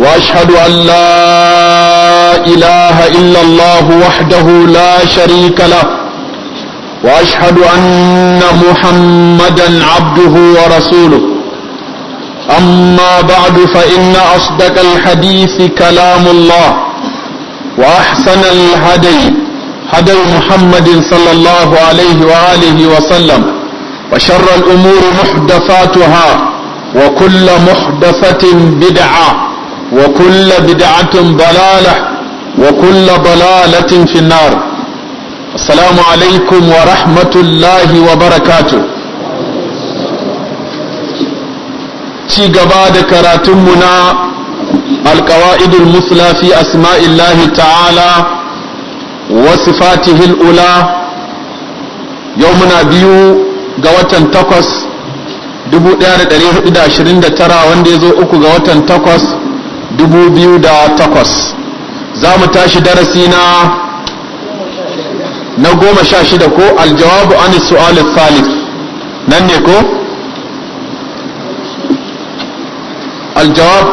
وأشهد أن لا إله إلا الله وحده لا شريك له وأشهد أن محمدا عبده ورسوله أما بعد فإن أصدق الحديث كلام الله وأحسن الهدي هدي محمد صلى الله عليه وآله وسلم وشر الأمور محدثاتها وكل محدثة بدعة وكل بدعة ضلالة وكل ضلالة في النار السلام عليكم ورحمة الله وبركاته تيغبا كراتمنا القواعد المثلى في أسماء الله تعالى وصفاته الأولى يومنا بيو قوة تقص 1429 wanda ya zo uku ga watan takwas 2008 za mu tashi darasi na na goma sha shida ko aljawabu an su'al Salif, nan ne ko aljawab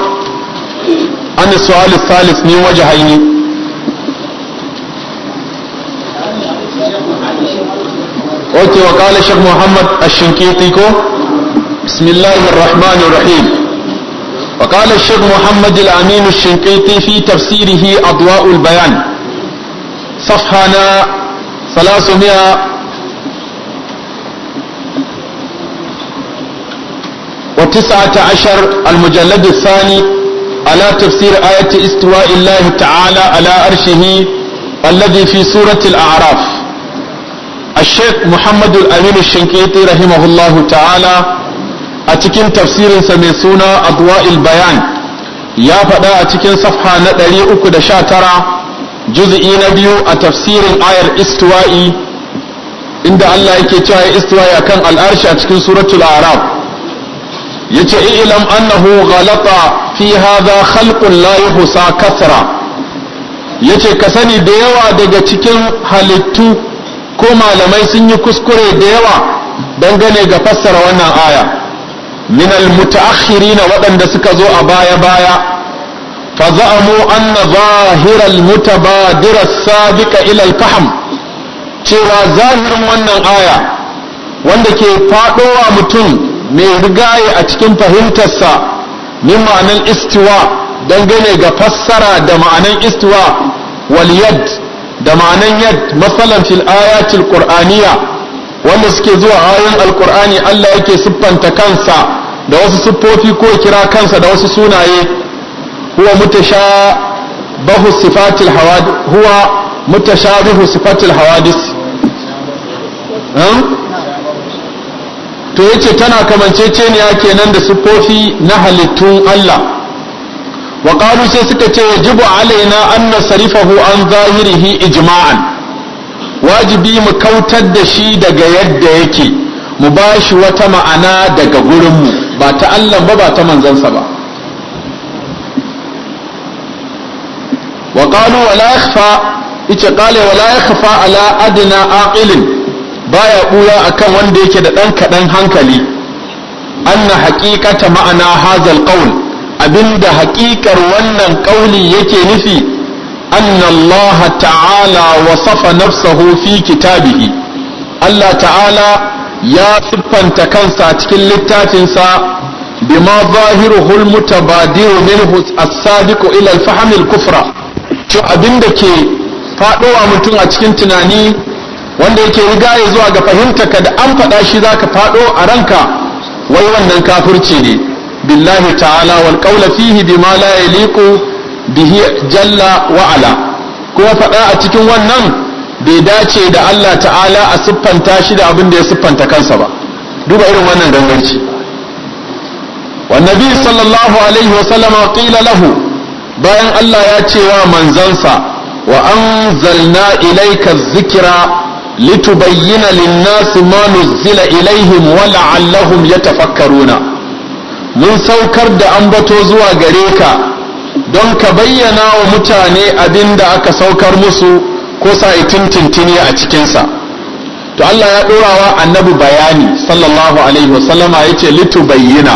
an su'al Salif ni waje haini ok wa kala shek muhammad ashinkiti ko bismillahir rahmanir rahim وقال الشيخ محمد الأمين الشنقيطي في تفسيره أضواء البيان صفحنا عشر المجلد الثاني على تفسير آية استواء الله تعالى على أرشه الذي في سورة الأعراف الشيخ محمد الأمين الشنقيطي رحمه الله تعالى a cikin tafsirinsa mai suna adwa'il bayan ya faɗa a cikin safha na 319 juzi'i na biyu a tafsirin ayar istiwa'i inda Allah yake cewa ya istiwa'i kan al'arshi a cikin suratul arab yace ilam annahu ghalata fi hadha khalqun la yuhsa kathra yace ka sani da yawa daga cikin halittu ko malamai sun yi kuskure da yawa dangane ga fassara wannan aya Minal min na waɗanda suka zo a baya baya fa za'amu anna zahir almutabadir as-sabiq ila al-fahm cewa zahirin wannan aya wanda ke faɗowa mutum mai rigaye a cikin fahimtarsa min ma'anan istiwa dangane ga fassara da ma'anan istiwa wal yad da ma'anan yad masalan fil ayatil wanda suke zuwa ayoyin alkur'ani Allah yake siffanta kansa da wasu siffofi ko kira kansa da wasu sunaye huwa mutashabahu sifatil hawad huwa mutashabihu sifatil hawadis hmm? to yace tana kamanceceniya kenan da siffofi na halittun Allah wa qalu sai suka ce yajibu alaina an nasrifahu an zahirihi ijma'an wajibi mu kautar da shi daga yadda yake mu ba shi wata ma'ana daga gurinmu ba ta Allah ba ba ta manzansa ba wa qalu wa la ita qala wa la ala adina aqilin baya buya akan wanda yake da ɗan kaɗan hankali anna haƙiƙata ma'ana hazal alqawl abinda haƙiƙar wannan ƙauli yake nufi أن الله تعالى وصف نفسه في كتابه الله تعالى يا سبحان تكنسا تكل التاتنسا بما ظاهره المتبادر منه السابق إلى الفهم الكفرة شو أبندك faɗowa mutum a cikin tunani wanda yake riga ya zuwa ga fahimtaka da an faɗa shi za ka faɗo a ranka wai wannan kafirci ne billahi ta'ala wal qawla fihi bima la yaliqu bihi jalla wa'ala kuma faɗa a cikin wannan bai dace da Allah ta'ala a siffanta shi da abin da ya siffanta kansa ba duba irin wannan gangarci wannabi sallallahu alaihi wasallama qila lahu bayan Allah ya ce wa manzansa wa anzalna ilayka dhikra litubayyana lin-nasi ma nuzila ilaihim wa la'allahum yatafakkaruna mun saukar da ambato zuwa gare ka don ka bayyana wa mutane abin da aka saukar musu ko sa'i tintintini a cikinsa to Allah ya ɗorawa annabi bayani sallallahu alaihi wasallama ya ce litubayyina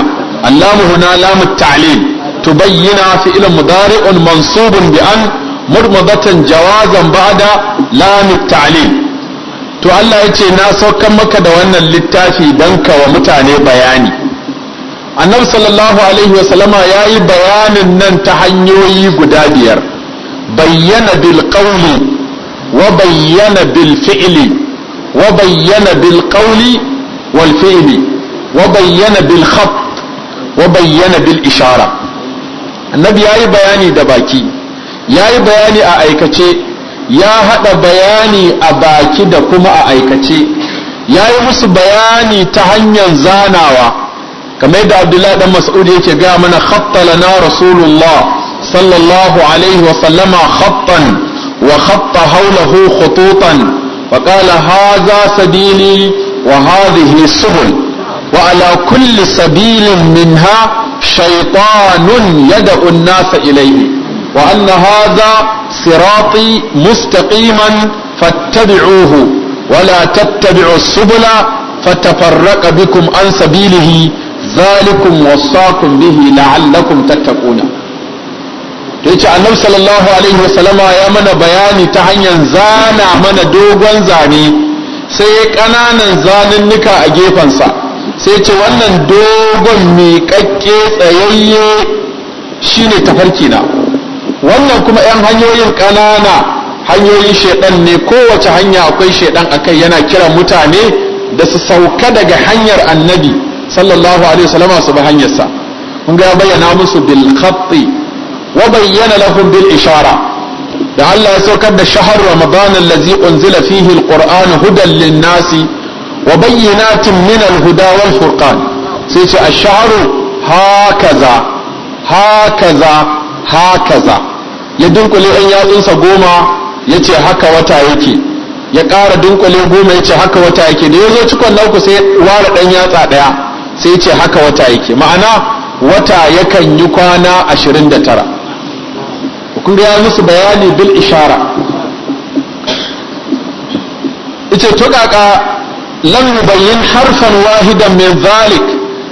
allamu huna lamu ta'lil tubayyina fi ilin mudari'un mansubun bi an murmadatan jawazan ba'da lamu to Allah ya ce na saukar maka da wannan littafi don ka wa mutane bayani annabi sallallahu alaihi wasallama ya yi bayanin nan ta hanyoyi guda biyar bayyana bil qawli wa bayyana bil fi'li wa bayyana bil qawli wal fi'li wa bayyana bil khat wa bayyana bil ishara annabi ya yi bayani da baki ya yi bayani a aikace ya haɗa bayani a baki da kuma a aikace ya yi musu bayani ta hanyar zanawa kamar da abdullahi dan mas'ud yake ga mana khattala na rasulullah sallallahu alaihi wa sallama khattan wa khatta hawlahu khututan wa qala hadha sabili wa hadhihi subul wa ala kulli sabilin minha shaytanun yad'u an-nasa ilayhi wa anna hadha sirati mustaqiman fattabi'uhu wa la tattabi'us subula fatafarraqa bikum an sabilihi zalikum wasaqum bihi la'allakum tattaquna to yace annabi sallallahu alaihi wasallama ya mana bayani ta hanyar zana mana dogon zane sai ya kananan zanunnuka a gefensa sai ce wannan dogon mai kakke tsayayye shine tafarki na wannan kuma 'yan hanyoyin kanana hanyoyin shedan ne kowace hanya akwai shedan akai yana kiran mutane da su sauka daga hanyar annabi sallallahu alaihi wasallama su bi hanyarsa kun ga bayyana musu bil khatti wa bayyana lahum bil ishara da Allah ya saukar da shahar ramadan allazi unzila fihi alquran hudan lin nasi wa bayyinatin min alhuda wal furqan sai ce ash hakaza hakaza hakaza ya dunkule ɗan yatsunsa goma ya ce haka wata yake ya ƙara dunkule goma ya ce haka wata yake da ya zo cikon na uku sai ya ware ɗan yatsa ɗaya sai ce haka wata yake ma'ana wata yakan yi kwana 29 kun ya musu bayani bil ishara ita tuƙaƙa lam yin harfan wahidan min zalik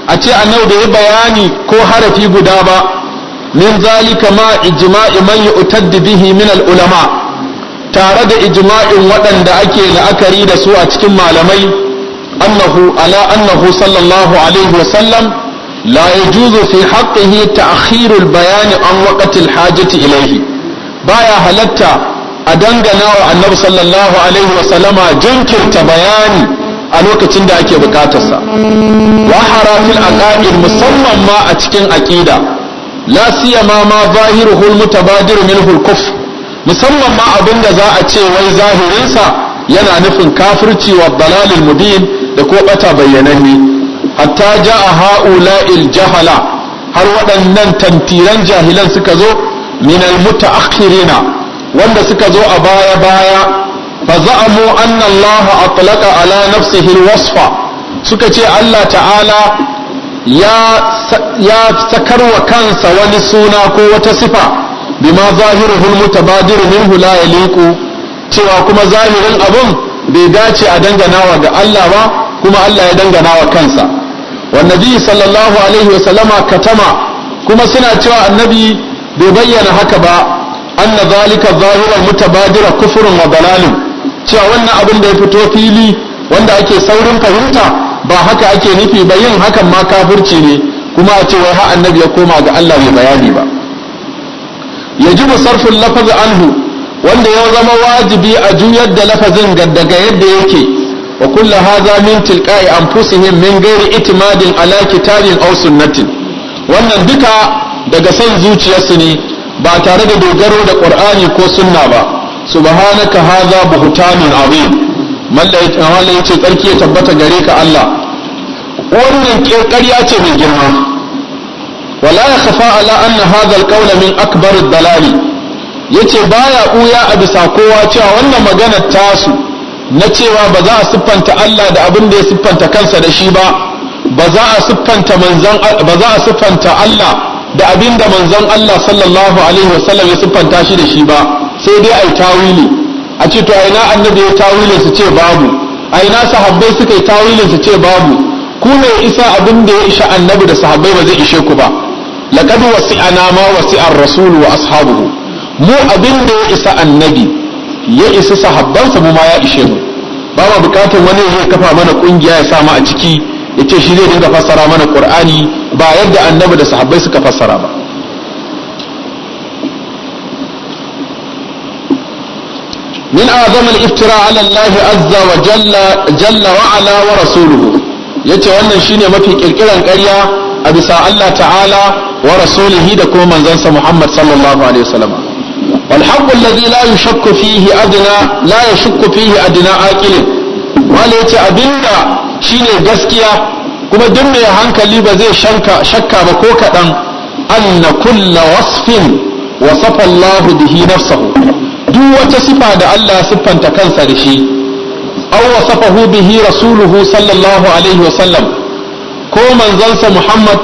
a ce annabi bai bayani ko harafi guda ba min zalika ma ijma'i man yu'taddi bihi min al ulama tare da ijma'in waɗanda ake la'akari da su a cikin malamai أنه على أنه صلى الله عليه وسلم لا bayani في حقه تأخير البيان عن وقت الحاجة إليه بايا هلتا أدنغنا النبي صلى الله عليه وسلم a lokacin da ake bukatarsa wa harafil aqaid musamman ma a cikin aƙida. la siyama ma zahiruhul mutabadir minhul kuf musamman ma abin da za a ce wai zahirinsa yana nufin kafirci wa dalalil mubin da ko bata bayyananne hatta ja'a ha'ula'il jahala har waɗannan tantiran jahilan suka zo min almutaakhirina wanda suka zo a baya baya fa za'amu anna Allah atlaqa ala nafsihi alwasfa suka ce Allah ta'ala ya sakarwa kansa wani suna ko wata sifa bima zahiruhul mutabadiru minhu la yaliqu cewa kuma zahirin abun bai dace a danganawa ga Allah ba kuma Allah ya dangana wa kansa wa nabi sallallahu alaihi wa sallama katama kuma suna cewa annabi bai bayyana haka ba anna zalika zahira mutabadira kufrun wa dalalun cewa wannan abin da ya fito fili wanda ake saurin fahimta ba haka ake nufi ba yin hakan ma kafirci ne kuma a ce wai ha annabi ya koma ga Allah bai bayani ba yajibu sarfin lafazi anhu wanda ya zama wajibi a juyar da lafazin daga yadda yake wa kullu hadha min tilqa'i anfusihim min ghairi itimadin alaki tarin aw sunnatin wannan duka daga son zuciyarsu ne ba tare da dogaro da Ƙur'ani ko sunna ba subhanaka hadha buhtanun azim malla yace tsarki ya tabbata gare ka Allah wannan ƙarya ce mai girma wala ya khafa ala anna hadha alqawla min akbar ad-dalali yace baya ƙuya a bisa kowa cewa wannan maganar tasu na cewa ba za a siffanta Allah da abin da ya siffanta kansa da shi ba ba za a siffanta Allah da abin da manzon Allah sallallahu alaihi wasallam ya siffanta shi da shi ba sai dai ai tawili a ce to aina annabi ya tawilin su ce babu aina sahabbai suka yi tawilin su ce babu ku ne isa abin da ya isha annabi da sahabbai ba zai ishe ku ba laqad wasi'ana ma wasi'ar rasulu wa ashabuhu mu abin da ya isa annabi ya isa sahabbansa mu ma ya ishe mu ba ma bukatar wani zai kafa mana ƙungiya ya sa a ciki ya ce shi zai dinga fassara mana qur'ani ba yadda annabi da sahabai suka fassara ba من أعظم الافتراء على الله عز وجل جل وعلا ورسوله yace wannan shine mafi kirkiran ƙarya a bisa Allah ta'ala wa rasulihi da kuma manzansa Muhammad sallallahu alaihi والحق الذي لا يشك فيه أدنى لا يشك فيه أدنى عاقل وليت أبندا شيني جسكيا كما دمي هنك اللي بزي شنك شكا بكوكا أن كل وصف وصف الله به نفسه دو وتصفى دا الله سبا تكنسى لشي أو وصفه به رسوله صلى الله عليه وسلم كو من زنس محمد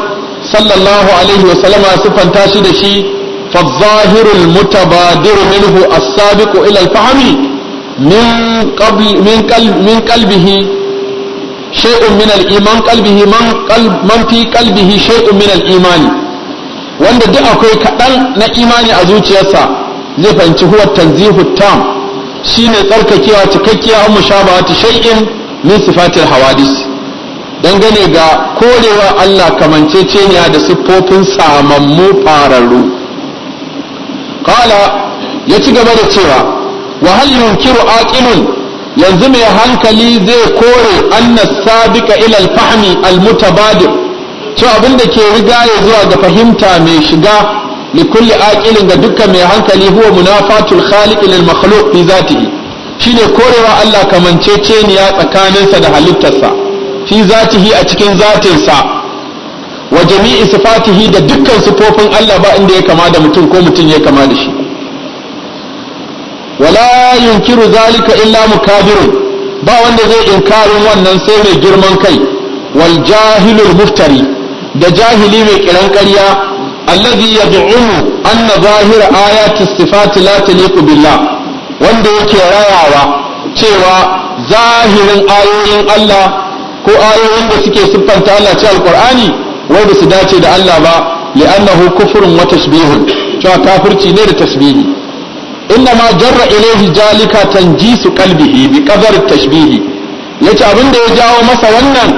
صلى الله عليه وسلم سبا تاشي لشي فالظاهر المتبادر منه السابق إلى الفهم من قبل من قلب من قلبه شيء من الإيمان قلبه من قلب من wanda duk akwai kaɗan na imani a zuciyarsa zai fahimci huwa tanzihu tam shine tsarkakewa cikakkiya an mushabaha ta shay'in min sifatil hawadis dangane ga korewa Allah kamanceceniya da siffofin samammu fararru qala ya ci gaba da cewa wa hal yunkiru yanzu mai hankali zai kore anna sabiqa ila fahmi al-mutabadir abinda ke riga ya zuwa ga fahimta mai shiga li kulli ga dukkan mai hankali huwa munafatul khaliq lil makhluq fi zatihi shine korewa Allah kamanceceniya tsakaninsa da halittarsa fi zatihi a cikin zatinsa wa jami'i sifatihi da dukkan sifofin Allah ba inda ya kama da mutum ko mutum ya kama da shi wala yunkiru zalika illa mukabirun ba wanda zai inkarin wannan sai mai girman kai wal jahilul muftari da jahili mai kiran ƙarya allazi yad'umu anna zahir ayati sifati la taliqu billah wanda yake rayawa cewa zahirin ayoyin Allah ko ayoyin da suke siffanta Allah al alqur'ani wai ba su dace da Allah ba annahu kufrun wa tasbihun cewa kafirci ne da tasbihi inna ma jarra ilaihi jalika tanjisu qalbihi bi qadar tashbihi yace abin da ya jawo masa wannan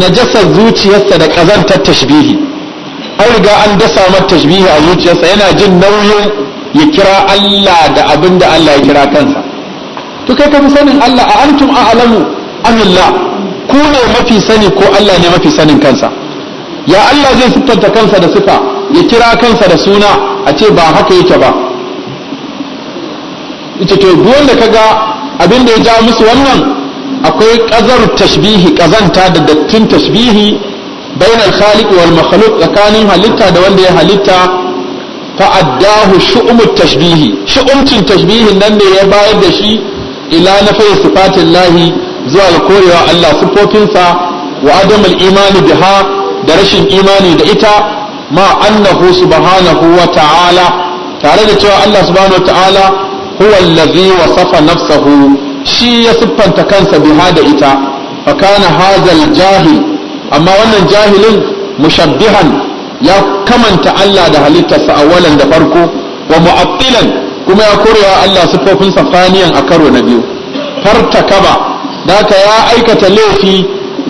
najasar zuciyarsa da kazantar tashbihi an riga an dasa mata tashbihi a zuciyarsa yana jin nauyin ya kira Allah da abin da Allah ya kira kansa to kai ka fi sanin Allah a antum a'lamu amillah ku ne mafi sani ko Allah ne mafi sanin kansa ya Allah zai siffanta kansa da sifa ya kira kansa da suna a ce ba haka yake ba ita to wanda ga abin da ya ja musu wannan akwai ƙazar tashbihi ƙazanta da dattin tashbihi bayan al-khaliq wal makhluq tsakanin halitta da wanda ya halitta fa'addahu shu'umut tashbihi shu'umcin tashbihin nan ne ya bayar da shi ila na sifatillahi lahi zuwa ga korewa Allah siffofinsa wa adamul imani biha da rashin imani da ita ma annahu subhanahu wa ta'ala tare da cewa Allah subhanahu wa ta'ala huwa allazi wasafa nafsahu shi ya siffanta kansa biha da ita fa kana hazal jahil amma wannan jahilin mushabbihan ya kamanta Allah da halittarsa awalan da farko wa mu'attilan kuma ya korewa Allah siffofin faniyan a karo na biyu fartakaba daka ya aikata laifi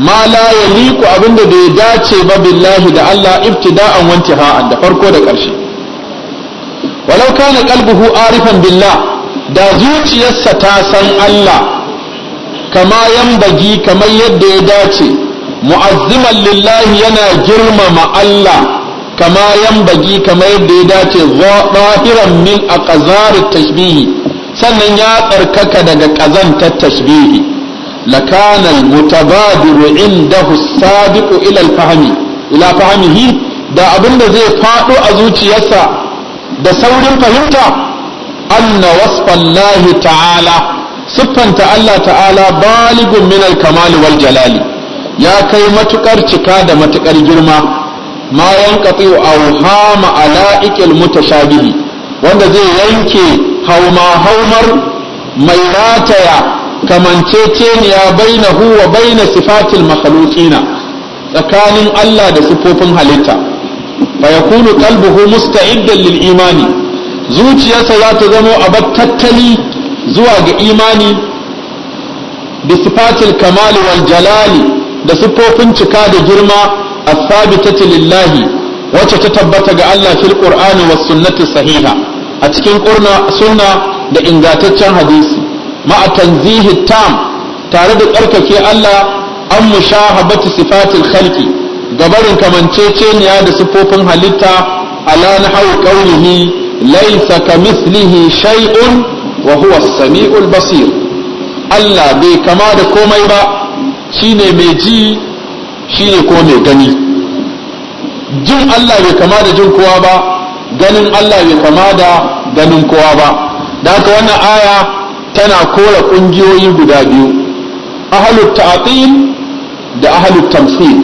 ma la yaliku abinda bai dace ba billahi da Allah ibtida'an wa intiha'an da farko da ƙarshe walau kana qalbuhu arifan billah da zuciyarsa ta san Allah kama yambagi kamar yadda ya dace mu'azziman lillahi yana girmama Allah kama yambagi kamar yadda ya dace zahiran min ƙazari tashbihi sannan ya tsarkaka daga ƙazantar tashbihi lakanal المتبادر عنده السابق الى الفهم الى فهمه da abin da zai faɗo a zuciyarsa da saurin fahimta anna wasfan lahi ta'ala siffanta Allah ta'ala baligun min al jalali ya kai matuƙar cika da matuƙar girma ma yanqati awhama ala'iqil mutashabihi wanda zai yanke hauma haumar mai rataya kamanceceniya bainahu wa baina sifatil makhluqina tsakanin Allah da sifofin halitta fa yakunu qalbuhu musta'iddan lil imani zuciyarsa za ta zamo a batattali zuwa ga imani da sifatil kamali wal jalali da sifofin cika da girma as lillahi wacce ta tabbata ga Allah fil qur'ani was sunnati sahiha a cikin sunna da ingantaccen hadisi ma'a tanzihi tam tare da tsarkake Allah an mu sha mushahabati sifatil khalqi gabarin kamanceceniya da sifofin halitta ala nahwu qawlihi laysa kamithlihi shay'un wa huwa as basir Allah bai kama da komai ba shine mai ji shine ko mai gani jin Allah bai kama da jin kowa ba ganin Allah bai kama da ganin kowa ba da haka wannan aya tana kora ƙungiyoyi guda biyu ahalul ta'atil da ahalul tamsil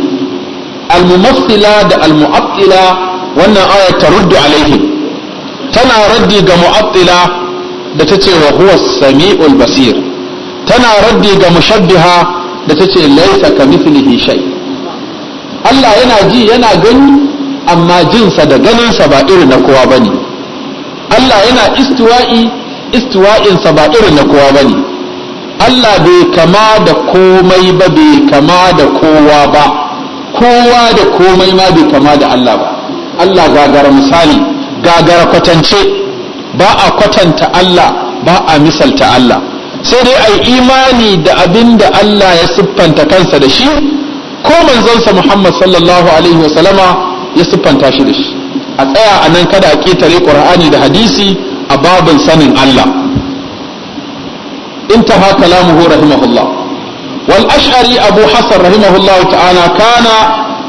al-mumassila da al al-mu'attila wannan aya ta ruddu alaihi tana raddi ga mu'attila da ta ce wa huwa sami'ul basir tana raddi ga mushabbiha da ta ce laisa ka mithlihi shay Allah yana ji yana gani amma jinsa da ganinsa ba irin na kowa bane Allah yana istiwa'i istiwa'insa ba irin na kowa bane. Allah bai kama da komai ba bai kama da kowa ba kowa da komai ma bai kama da Allah ba Allah gagara misali gagara kwatance ba a kwatanta Allah ba a misalta Allah sai dai a imani da abinda Allah ya siffanta kansa da shi ko manzonsa Muhammad sallallahu alaihi wasallama ya siffanta shi da shi a tsaya a nan kada a ƙetare ƙur'ani da hadisi a babin sanin Allah intaha kalamuhu rahimahullah wal ash'ari abu hasan rahimahullah ta'ala kana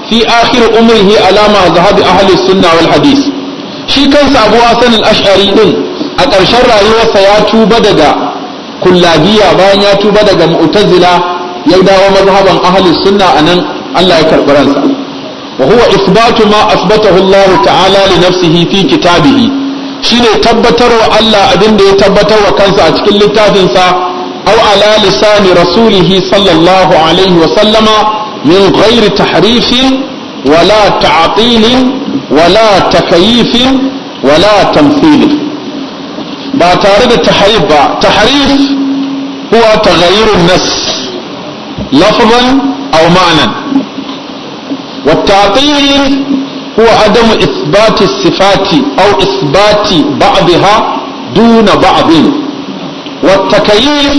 fi akhir umrihi alama zahabi ahli sunna wal hadis shi kansa abu hasan al ash'ari din a ƙarshen rayuwarsa ya tuba daga kullagiya bayan ya tuba daga mu'tazila ya dawo mazhaban ahli sunna anan Allah ya karɓi ransa wa huwa isbatu ma asbatahu Allah ta'ala li nafsihi fi kitabihi shine tabbatarwa Allah abin da ya tabbatar wa kansa a cikin littafin sa aw ala lisani rasulihi sallallahu alaihi wa sallama min ghairi tahrifin wala ta'tilin wala takayifin wala tamthilin ba tare da tahrif ba tahrif huwa taghayyur an-nass lafzan aw ma'nan والتعطيل هو عدم إثبات الصفات أو إثبات بعضها دون بعض والتكييف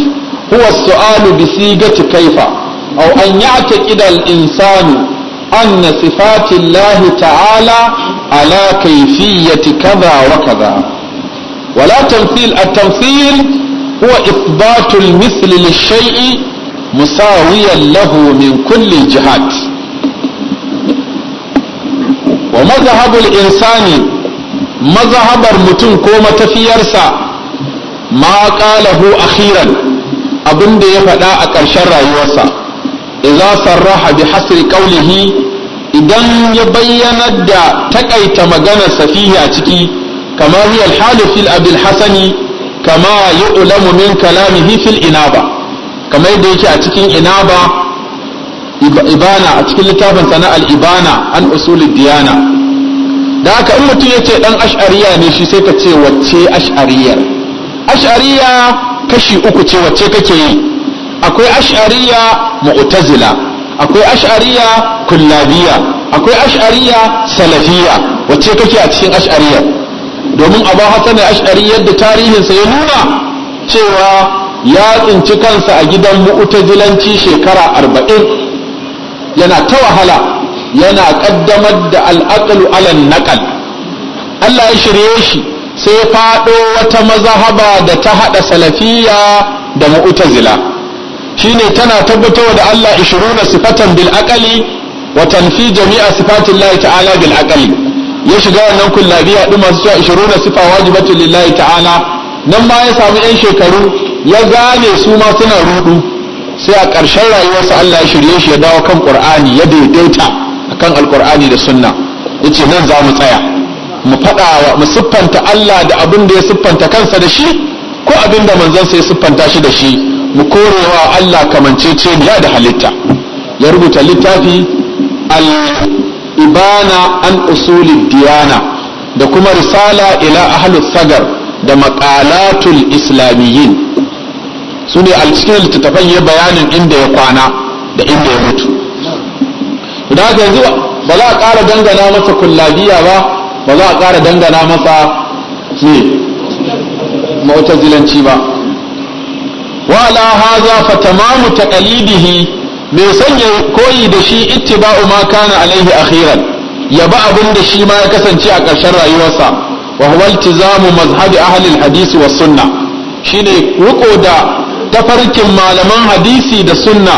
هو السؤال بصيغة كيف أو أن يعتقد الإنسان أن صفات الله تعالى على كيفية كذا وكذا ولا تمثيل التمثيل هو إثبات المثل للشيء مساويا له من كل الجهات wa mazhabul insani mazhabar mutum ko matafiyarsa ma qalahu akhiran abinda ya faɗa a ƙarshen rayuwarsa idza sarraha bi hasri qawlihi idan ya bayyana da takaita maganar safihi a ciki kama hiya al fil abil hasani kama yu'lamu min kalamihi fil inaba kamar da yake a cikin inaba ibana a cikin littafin sana al-ibana an usulid diyana da haka in mutum ya ce dan ash'ariya ne shi sai ka ce wacce ash'ariyar ash'ariya kashi uku ce wacce kake yi akwai ash'ariya mu'tazila akwai ash'ariya kullabiya akwai ash'ariya salafiya wacce kake a cikin ash'ariyar domin abu hasan da yadda tarihinsa ya nuna cewa ya tsinci kansa a gidan mu'tazilanci shekara arba'in yana ta wahala yana kaddamar da al'aqlu alan naƙal. Allah ya shirye shi sai faɗo wata mazahaba da ta haɗa salafiya da mu'tazila shine tana tabbatar da Allah 20 sifatan bil wa tanfi jami'a sifatillahi ta'ala bil ya shiga wannan kullabiya din masu cewa 20 sifa wajibatu lillahi ta'ala nan ma ya samu yan shekaru ya gane su ma suna rudu sai a ƙarshen rayuwarsa Allah ya shirye shi ya dawo kan Qur'ani ya daidaita akan Alkur'ani da sunna yace nan za mu tsaya mu faɗa mu siffanta Allah da abin da ya siffanta kansa da shi ko abin da manzon sai siffanta shi da shi mu korewa Allah kamanceceniya da halitta ya rubuta littafi al ibana an usuli diyana da kuma risala ila ahlus sagar da maqalatul islamiyyin su ne cikin littattafan ya bayanin inda ya kwana da inda ya mutu da haka yanzu ba za a ƙara dangana masa kullabiya ba ba za a ƙara dangana masa ne zilanci ba wa haza fa tamamu taqalidihi mai sanya koyi da shi ittiba'u ma kana alaihi akhiran ya ba abin da shi ma ya kasance a ƙarshen rayuwarsa wa huwa iltizamu mazhabi ahli alhadisi wa sunna shine riko da tafarkin malaman hadisi da sunna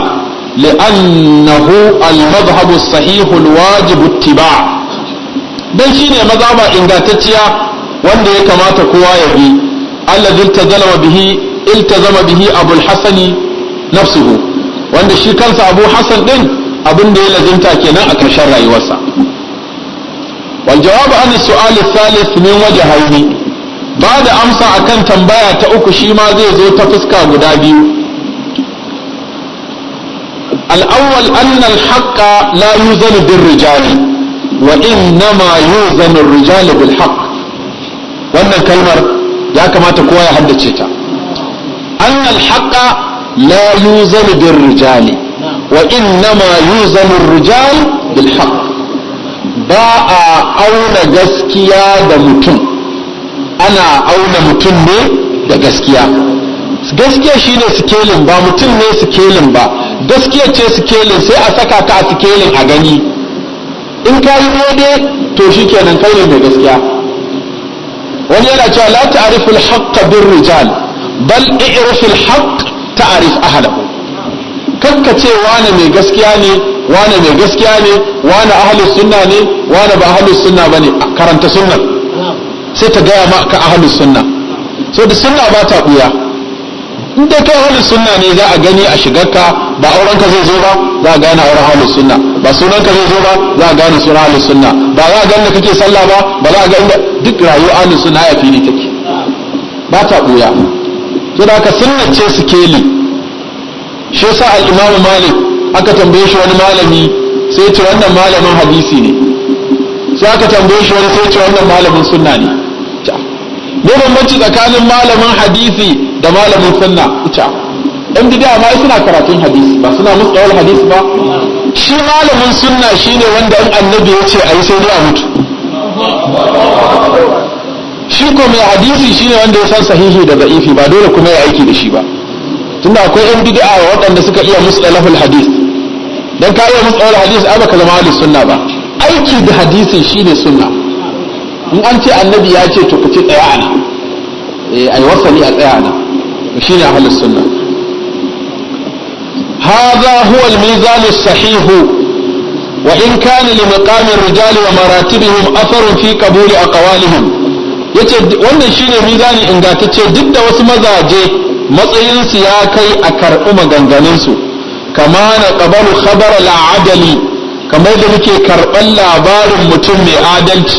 li'annahu al-madhhabu sahihu al-wajib ittiba dan shine mazhaba ingantacciya wanda ya kamata kowa ya bi alladhi iltazama bihi iltazama bihi abu al-hasan nafsuhu wanda shi kansa abu hasan din abin da ya lazimta kenan a ƙarshen rayuwarsa wal jawabu an as-su'al ath-thalith min wajhaini ba da amsa a kan tambaya ta uku shi ma zai zo ta fuska guda biyu al'awwal annal haqqa la yuzanu bir rijali wa innama yuzanu rijali bil haqq wannan kalmar ya kamata kowa ya haddace ta annal haqqa la yuzanu bir rijali wa innama yuzanu rijal bil haqq ba a auna gaskiya da mutum ana auna mutum ne da gaskiya gaskiya shine sikelin ba mutum ne sikelin ba gaskiya ce sikelin sai a saka ka a sikelin a gani in ka yi daidai to shi kenan kai ne mai gaskiya wani yana cewa la ta'riful haqqa bir rijal bal i'riful haqq ta'rif ahlahu kakka ce wane mai gaskiya ne wane mai gaskiya ne wane ahlus sunna ne wane ba ahlus sunna bane karanta sunnan sai ta gaya maka ahlus sunna so da sunna ba ta buya in dai kai ahlus sunna ne za a gani a shigarka ba auren ka zai zo ba za a gane auren ahlus sunna ba sunan ka zai zo ba za a gane sunan ahlus sunna ba za a gane da kake sallah ba ba za a da duk rayuwar ahlus sunna ya fili take ba ta buya to da ka sunna ce keli shi yasa al-imamu malik aka tambaye shi wani malami sai ya ce wannan malamin hadisi ne sai aka tambaye shi wani sai ce wannan malamin sunna ne ne bambanci tsakanin malamin hadisi da malamin sunna ita dan bid'a ma suna karatun hadisi ba suna musdawal hadisi ba shi malamin sunna shine wanda in annabi ya ce ayi sai dai a mutu shi ko mai hadisi shine wanda ya san sahihi da da'ifi ba dole kuma ya aiki da shi ba tunda akwai yan bid'a waɗanda suka iya musdalahul hadis dan ka iya musu hadis ai baka zama ahlus sunna ba aiki da hadisi shine sunna in an ce annabi ya ce to ku ci tsaya ana eh, ai wasali a tsaya ana shine ahlus sunna هذا هو الميزان الصحيح وإن كان لمقام الرجال ومراتبهم أثر في قبول أقوالهم yace wannan shine mizani ingantacce duk da wasu mazaje matsayinsu ya kai a karɓi maganganunsu kama na ƙabalu khabar al'adali kamar da muke karɓar labarin mutum mai adalci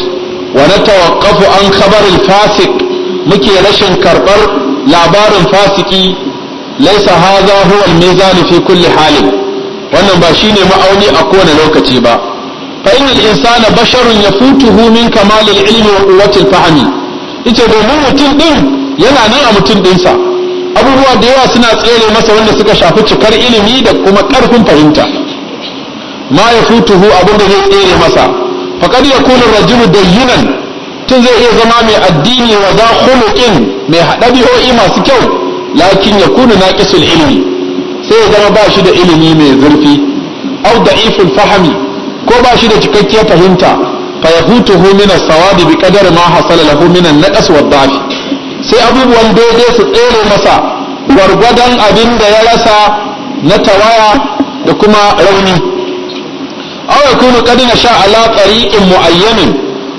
wa na tawaqqafu an khabaril fasik muke rashin karɓar labarin fasiki laisa haza huwal al-mizan fi kulli halin wannan ba shine ma'auni a kowane lokaci ba fa innal insana basharun yafutuhu min kamalil ilmi wa quwwatil fahmi ita domin mutum din yana nan a mutum ɗinsa. abubuwa da yawa suna tsere masa wanda suka shafi cikar ilimi da kuma ƙarfin fahimta ma ya futuhu abin da zai tsere masa ya yakunu rajulu yunan tun zai iya zama mai addini wa za khuluqin mai hadabi'o'i masu kyau lakin yakunu naqisul ilimi, sai ya zama ba shi da ilimi mai zurfi aw da'iful fahmi ko ba shi da cikakkiyar fahimta fa yafutuhu min as-sawabi bi kadar ma hasala lahu min naqas wad sai abubuwan daidai su tsere masa gwargwadon abin da ya rasa na tawaya da kuma rauni aw yakunu qad sha ala tariqin muayyanin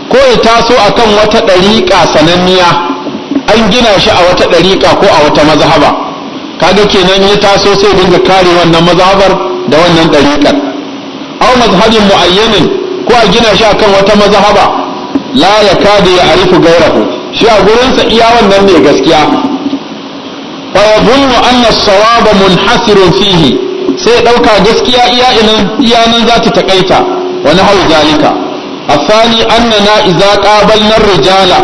ko ya taso akan wata dariqa sananniya an gina shi a wata dariqa ko a wata mazhaba kaga kenan ya taso sai dinga kare wannan mazhabar da wannan dariƙar aw mazhabin muayyanin ko a gina shi akan wata mazhaba la yakadu ya arifu gairahu shi a gurinsa iya wannan ne gaskiya fa yadhunnu anna as-sawaba munhasirun fihi sai ɗauka gaskiya iya nan za ta taƙaita wani hau zalika sani annana iza qabalnar rijala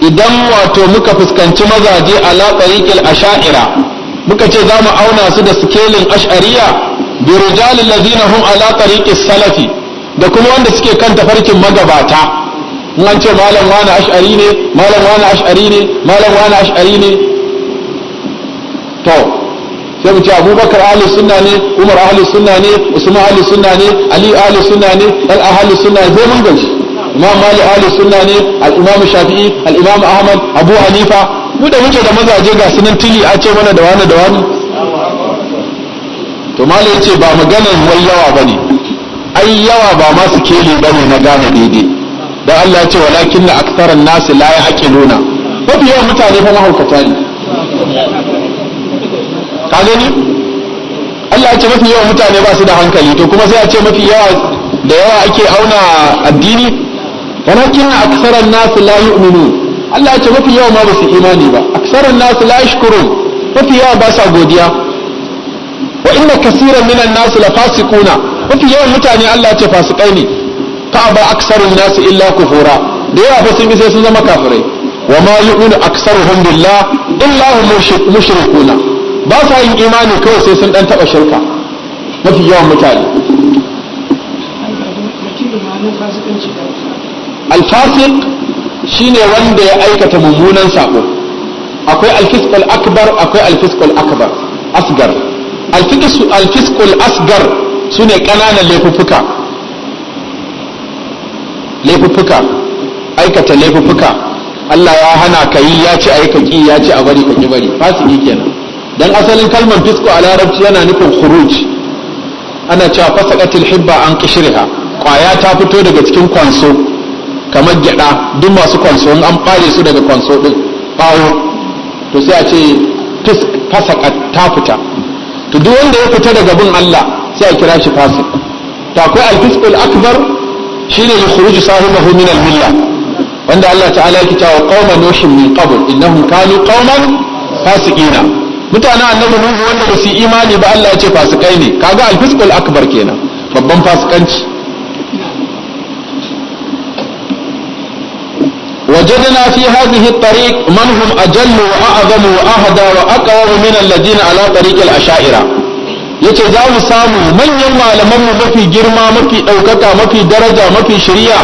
idan wato muka fuskanci mazaje a tariqil asha'ira muka ce za mu auna su da sikelin ash'ariya bi rijalil ladina hum ala tariqis salafi da kuma wanda suke kan tafarkin magabata an ce malam wani ash'ari ne malam wani ash'ari ne malam wani ash'ari ne to sai mu ce abubakar ahli sunna ne umar ahli sunna ne usman ahli sunna ne ali ahli sunna ne dan ahli sunna ne sai mun gamsu imam mali ahli sunna ne al-imam shafi'i al-imam ahmad abu hanifa mu da muke da mazaje ga sunan tili a ce mana da wani da wani to mali yace ba maganar wai yawa bane ai yawa ba ma su kele bane na gane daidai dan Allah ya ce walakin aktharan nasi la yaqiluna mafi yawan mutane fa mahaukata ne ka gani Allah ya ce mafi yawan mutane ba su da hankali to kuma sai a ce mafi yawa da yawa ake auna addini walakin aksaran nasu la yu'minu Allah ya ce mafi yawa ma ba su imani ba aksaran nasu la yashkurun mafi yawa ba sa godiya wa inna kaseeran minan nasu la fasiquna mafi yawan mutane Allah ya ce fasikai ne Ka ba aksarun nasu illa kufura da yawa ba sun yi sai sun zama kafirai wa ma yu'minu aksaruhum billah illa hum mushrikuna ba sa yin imani kawai sai sun dan taba shirka mafi yawan mutane alfasik ne wanda ya aikata mummunan sako akwai alfiskul akbar akwai alfiskul akbar asgar alfiskul asgar ne kananan laifuffuka laifuffuka aikata laifuffuka Allah ya hana ka yi ya ci aika ki ya ci a bari ka ki bari fasiki kenan dan asalin kalmar fisko a larabci yana nufin khuruj ana cewa fasaqatil hibba an qishriha kwaya ta fito daga cikin kwanso kamar gyada duk masu kwanso in an bare su daga kwanso din bawo to sai a ce fisk fasaqat ta fita to duk wanda ya fita daga bin Allah sai a kira shi fasik to akwai al-fisqul akbar shine khuruj sahibahu min al-milla wanda Allah ta'ala ya kita wa qauma min qabl innahum kanu qauman fasiqina mutanen annabi nuhu wanda ba su imani ba Allah ya ce fasikai ne kaga alfiskul akbar kenan babban fasikanci وجدنا في هذه الطريق من هم أجل وأعظم وأهدى وأقوى من الذين على طريق الأشاعرة yace za mu samu manyan malamanmu mafi girma mafi ɗaukaka mafi daraja mafi shirya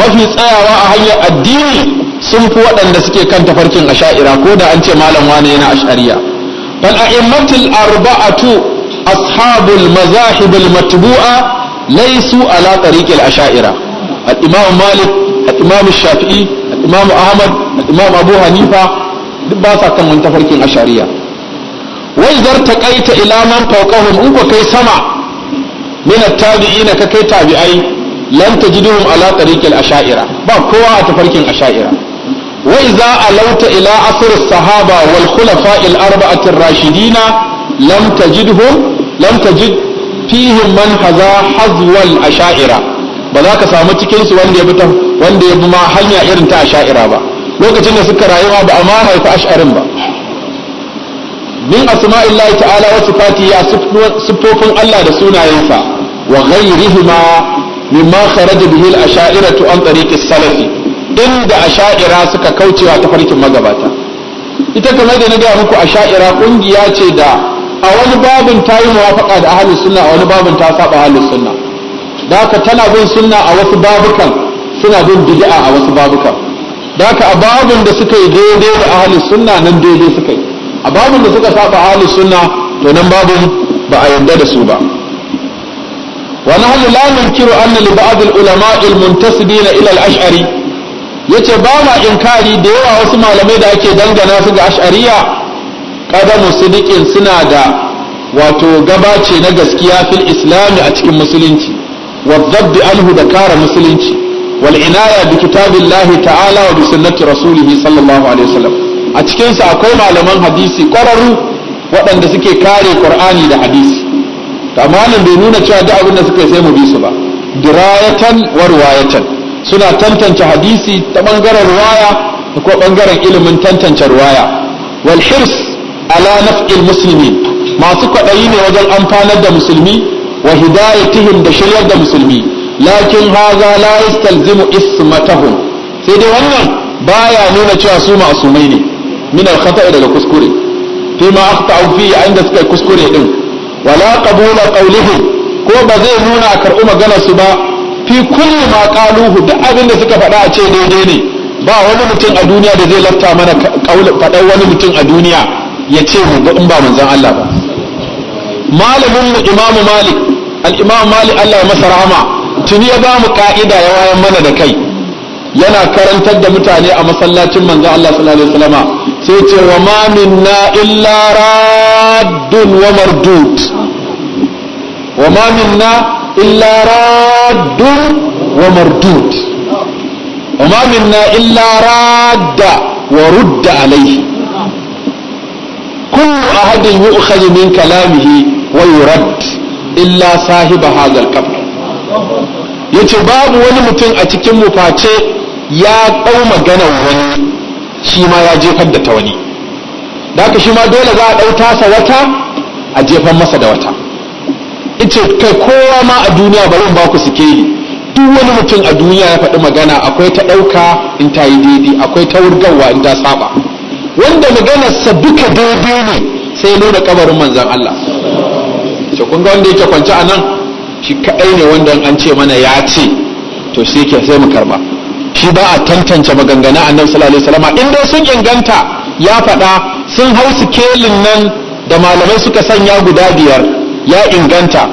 mafi tsayawa a hanyar addini sun fi waɗanda suke kan tafarkin asha'ira ko da an ce malam wane yana ashariya فالأئمة الأربعة أصحاب المذاهب المتبوعة ليسوا على طريق الأشاعرة الإمام مالك الإمام الشافعي الإمام أحمد الإمام أبو حنيفة باسا كان من تفرق الأشعرية وإذا ارتقيت إلى من فوقهم أنك كي سمع من التابعين ككي تابعين لن تجدهم على طريق الأشاعرة با كوا تفرق الأشاعرة وإذا ألوت إلى أثر الصحابة والخلفاء الأربعة الراشدين لم تجدهم لم تجد فيهم من هذا حظو الأشاعرة بذاك سامتك إنس وان يبما ما حنيا إرنتا أشاعرة با لوكتين سكر أيها بأمانة فأشعرن با من أسماء الله تعالى وصفاته سبوكم الله رسولنا ينفع وغيرهما مما خرج به الأشاعرة عن طريق السلفي inda asha'ira suka kaucewa ta farkin magabata ita kamar da na gaya muku asha'ira kungiya ce da a wani babin ta yi muwafaka da ahalus sunna a wani babin ta saba ahalus sunna da haka tana bin sunna a wasu babukan suna bin bid'a a wasu babukan da haka a babin da suka yi daidai da ahalus sunna nan daidai suka yi a babin da suka saba ahalus sunna to nan babin ba a yarda da su ba ونحن لا ننكر أن لبعض العلماء المنتسبين إلى الأشعري yace ba ma inkari da yawa wasu malamai da ake dangana su ga ash'ariya Kada musulikin suna da wato gabace na gaskiya fil islami a cikin musulunci wa dhabbi anhu da kara musulunci wal inaya bi kitabillahi ta'ala wa bi sunnati rasulihi sallallahu alaihi wasallam a cikin sa akwai malaman hadisi kwararru waɗanda suke kare qur'ani da hadisi amma nan bai nuna cewa duk abin da suka sai mu bi su ba dirayatan wa riwayatan suna tantance hadisi ta bangaren ruwaya da ko bangaren ilimin tantance ruwaya wal hirs ala naf'il muslimin masu kwaɗayi ne wajen amfanar da musulmi wa hidayatihim da shiryar da musulmi lakin haza la yastalzimu ismatahum sai dai wannan baya nuna cewa su ma'asumai ne min al khata'i daga kuskure fi ma akhta'u fi inda suka kuskure din wala qabula qawlihim ko ba zai nuna a karɓi maganar su ba fi kulli ma qaluhu duk abin da suka faɗa a ce daidai ne ba wani mutum a duniya da zai lafta mana faɗar wani mutum a duniya ya ce mu ba in ba manzon Allah ba malamin mu imamu malik al-imam malik Allah ya masa rahama tuni ya ba mu ka'ida ya wayan mana da kai yana karantar da mutane a masallacin manzon Allah sallallahu alaihi wasallama sai ce wa ma minna illa raddun wa mardud wa ma minna illa raddun wa mardud wa ma minna wa rudda alayhi kullu a hadin min kalamihi wa yurad illa sahiba hadha al-qabr yace babu wani mutum a cikin mu face ya kau maganar wani shi ma ya jefar da ta wani da shi dole za a ɗau tasa wata a jefan masa da wata ice kai kowa ma a duniya ba zan ba ku suke yi. duk wani mutum a duniya ya faɗi magana akwai ta ɗauka in ta yi daidai akwai ta wurgawa in ta saba wanda maganarsa duka daidai ne sai ya nuna kabarin manzan Allah ce kun ga wanda yake kwance a nan shi kaɗai ne wanda an ce mana ya ce to shi ke sai mu karba shi ba a tantance maganganu annabi sallallahu alaihi wasallam in dai sun inganta ya faɗa sun hau sikelin nan da malamai suka sanya guda biyar يا إنجنتا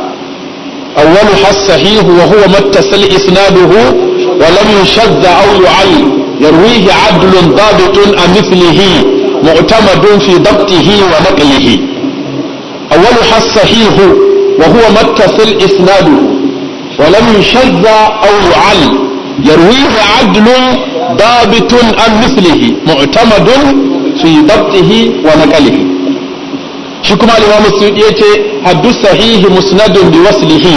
أول حس وهو متصل إسناده ولم يشذ أو يعل يرويه عدل ضابط عن معتمد في ضبطه ونقله أول حس وهو متصل إسناده ولم يشذ أو يعل يرويه عدل ضابط امثله معتمد في ضبطه ونقله shi kuma al'imamu su ya ce haddu sahihi musnadun bi waslihi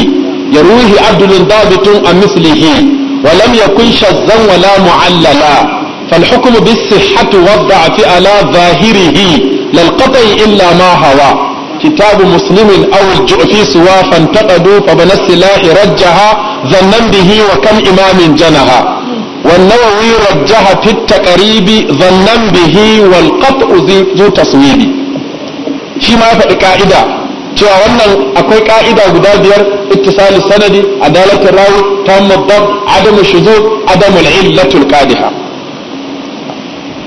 ya ruhi abdulun dabitun a mislihi Walam lam ya kun shazzan wa la mu'allala fal hukumu bi sihhatu wa da'afi ala zahirihi lal qatai illa ma hawa kitabu muslimin aw ju'fi suwa fan taqadu fa banasilahi rajjaha zannan bihi wa kam imamin janaha والنووي رجح في التقريب ظنا به والقطع ذو تصويب shi ma ya faɗi ka'ida cewa wannan akwai ka'ida guda biyar ittisali sanadi adalatul rawi tammud dab adamu shuzur adamu illatul kadiha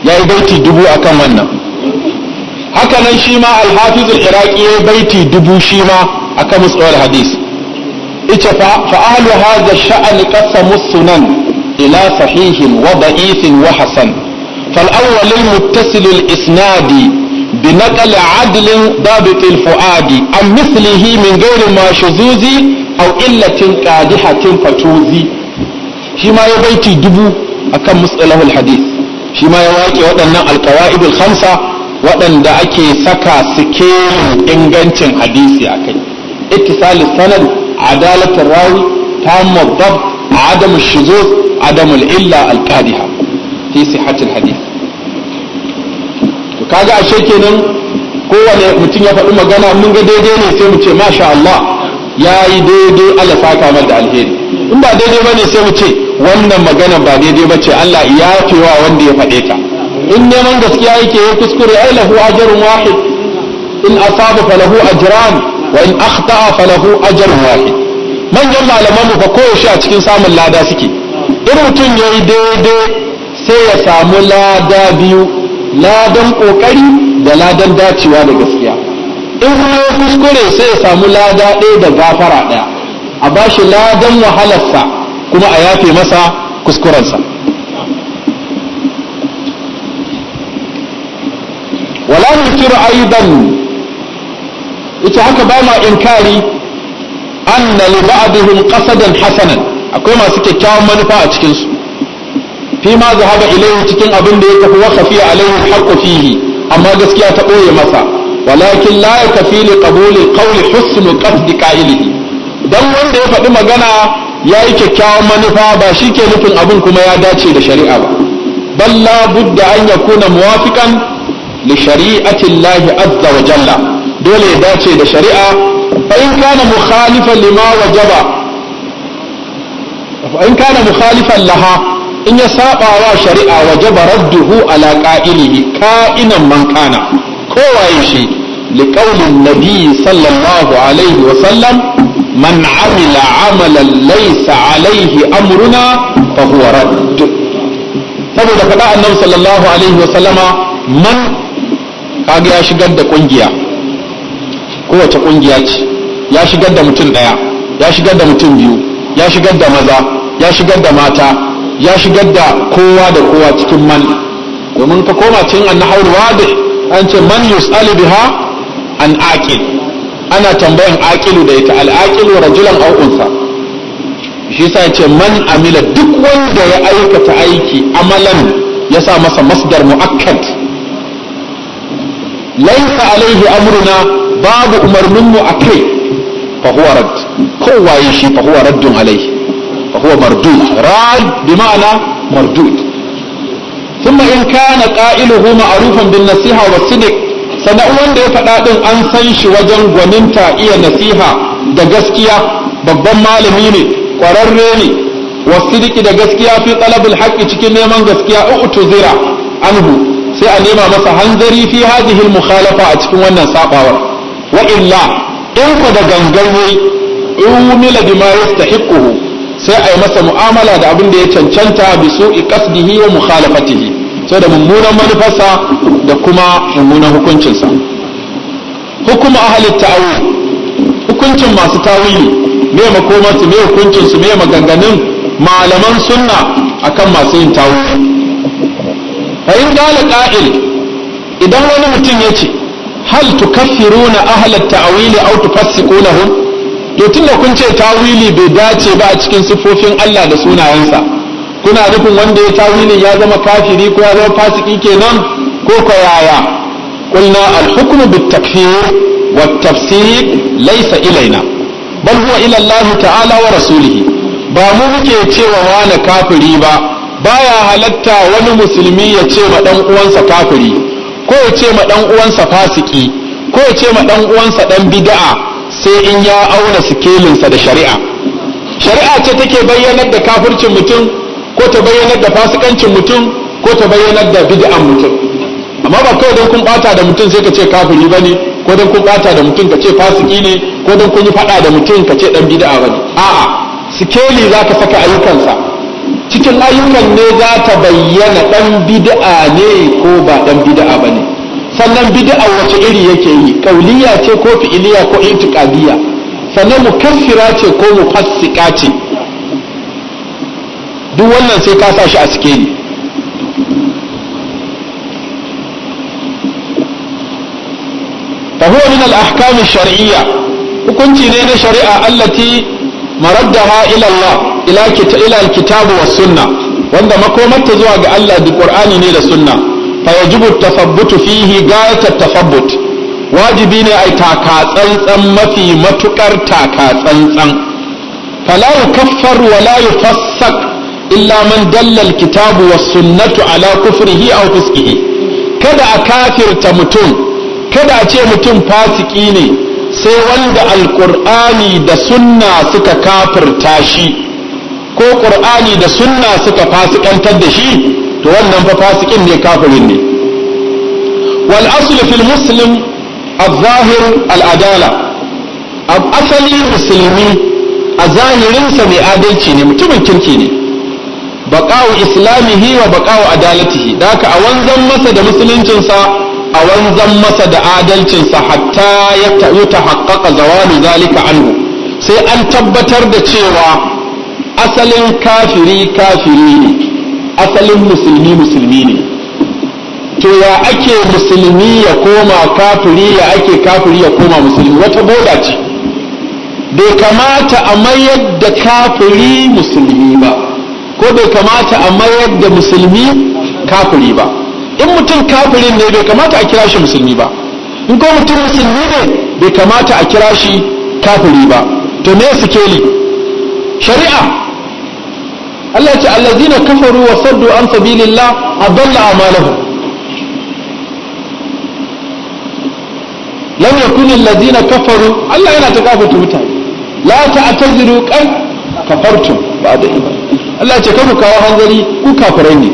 yayi baiti dubu akan wannan haka nan shi ma al iraqi yayi baiti dubu shi ma akan musawar hadis ita fa fa ahlu hadha sha'an qasamu sunan ila sahihin wa da'isin wa hasan فالأول المتصل الإسناد بنقل عدل ضابط الفؤاد عن مثله من غير ما شذوذي أو إلا قادحة فتوزي شما يبيتي دبو أكم مسأله الحديث شما يواكي وأن القواعد الخمسة وأن دعكي سكا سكين إنغنشن حديثي أكي اتصال السند عدالة الراوي تام الضبط عدم الشذوذ عدم العلة القادحة في صحة الحديث kaga ashe kenan kowane mutum ya faɗi magana mun ga daidai ne sai mu ce masha Allah ya yi daidai Allah saka da alheri in ba daidai bane sai mu ce wannan magana ba daidai ba ce Allah ya wa wanda ya faɗe ta in neman gaskiya yake ya kuskure ai lahu ajrun wahid in asaba falahu ajran wa in akhta'a falahu ajrun wahid manyan malaman mu fa koyaushe a cikin samun lada suke in mutum ya yi daidai sai ya samu lada biyu ladan kokari da ladan dacewa da gaskiya in ya kuskure sai ya samu lada ɗaya da gafara ɗaya a bashi ladan wahalarsa kuma a yafe masa kuskurensa wala nukiru aidan ita haka ba ma inkari anna li ba'dihim qasadan hasanan akwai masu kyakkyawan manufa a cikinsu fi ma zahaba ilayhi cikin abin da ya tafi wa khafiya alaihi haqqu fihi amma gaskiya ta boye masa walakin la yakfi li qabuli qawli husn qasd qa'ilihi dan wanda ya faɗi magana ya yi kyakkyawan manufa ba shi ke nufin abin kuma ya dace da shari'a ba bal la budda an yakuna muwafiqan li shari'ati Allah azza wa jalla dole ya dace da shari'a fa in kana mukhalifan lima wajaba fa in kana mukhalifan laha in ya saba wa shari'a wajaba radduhu ala qa'ilihi ka'inan man kana kowaye shi liqaulin nabi sallallahu alaihi wa sallam man amila amalan laysa alaihi amruna fa huwa radd saboda faɗa annabi sallallahu alaihi wa sallama man kaga ya shigar da kungiya kowace kungiya ce ya shigar da mutum daya ya shigar da mutum biyu ya shigar da maza ya shigar da mata ya shigar da kowa da kowa cikin man domin ka koma cin annahar wadi an ce man yus'alu biha an aqil ana tambayan aqilu da ita al-aqilu rajulan aw unsa shi yasa ya ce man amila duk wanda ya aikata aiki amalan ya sa masa masdar muakkad laysa alaihi amruna babu umarnin mu akai fa huwa kowaye shi fa raddun alaihi فهو مردود راد بمعنى مردود ثم إن كان قائله معروفا بالنصيحة والصدق sannan wanda ya faɗa ɗin an san shi wajen gwaninta iya nasiha da gaskiya babban malami ne ƙwararre ne wasu da gaskiya fi talabul haƙƙi cikin neman gaskiya u'tu zira anhu sai a nema masa hanzari fi hadhihi mukhalafa a cikin wannan sabawar wa illa in ku da gangan yayi umila bima yastahiquhu sai a yi masa mu'amala da abin da ya cancanta bi su'i qasdihi wa mukhalafatihi sai da mummunan manufarsa da kuma mummunan hukuncinsa hukuma ahli ta'awun hukuncin masu tawili me makomarsu me hukuncinsu me maganganun malaman sunna akan masu yin tawili fa in qala qa'il idan wani mutum yace hal tukaffiruna ahli ta'awili tawili aw tufassiqunahum to tunda kun ce tawili bai dace ba a cikin siffofin Allah da sunayensa kuna nufin wanda ya tawili ya zama kafiri ko ya zama fasiki kenan ko ko yaya qulna al-hukmu bit-takfir wat-tafsir laysa ilaina bal huwa ila Allah ta'ala wa rasulih ba mu muke cewa wani kafiri ba baya halatta wani musulmi ya ce ma dan uwansa kafiri ko ya ce ma dan uwansa fasiki ko ya ce ma dan uwansa dan bid'a sai in ya auna sikelinsa da shari'a shari'a ce take bayyanar da kafircin mutum ko ta bayyanar da fasikancin mutum ko ta bayyanar da bid'an mutum amma ba kawai don kun bata da mutum sai ka ce kafiri ne, ko don kun bata da mutum ka ce fasiki ne ko don kun yi faɗa da mutum ka ce ɗan bid'a ne. a'a sikeli za ka saka ayyukansa cikin ayyukan ne za ta bayyana ɗan bid'a ne ko ba ɗan bid'a ne. sannan bid'a wace iri yake yi kauliya ce ko fi'iliya ko intiqadiyya sannan mukaffira ce ko mufassika ce duk wannan sai ka sa shi a sikeli فهو من الأحكام hukunci ne na shari'a allati maraddaha ila Allah ila ila alkitab sunna wanda makomarta zuwa ga Allah da Qur'ani ne da sunna fa yajibu tafabbutu wajibi ne a yi takatsantsan mafi matukar taka tsantsan fala yukaffar illa man dalla sunnatu ala kufrihi kada a kafirta mutum kada a ce mutum fasiki ne sai wanda Alƙur'ani da sunna suka kafirta shi ko ƙur'ani da sunna suka fasikantar da shi to wannan fa fasikin ne kafirin ne wal aslu fil muslim al-zahir al-adala asali musulmi a zahirinsa mai adalci ne mutumin kirki ne baqa'u islamihi wa baqa'u adalatihi daka a wanzan masa da musuluncinsa a wanzan masa da adalcinsa hatta ya ta haƙaƙa zawalu zalika anhu sai an tabbatar da cewa asalin kafiri kafiri ne asalin musulmi musulmi ne to ya ake musulmi ya koma kafiri ya ake kafiri ya koma musulmi wata boda ce bai kamata a mayar da kafiri musulmi ba ko bai kamata a mayar da musulmi kafiri ba in mutum kafirin ne bai kamata a kira shi musulmi ba in ko mutum musulmi ne bai kamata a kira shi kafiri ba to me sikeli shari'a Allah ce allazina kafaru wa saddu an sabilillah adalla amalahum lam yakun allazina kafaru Allah yana ta kafa mutane la ta'taziru qad kafartum ba'da iman Allah ce kafa kawo hanzari ku kafirai ne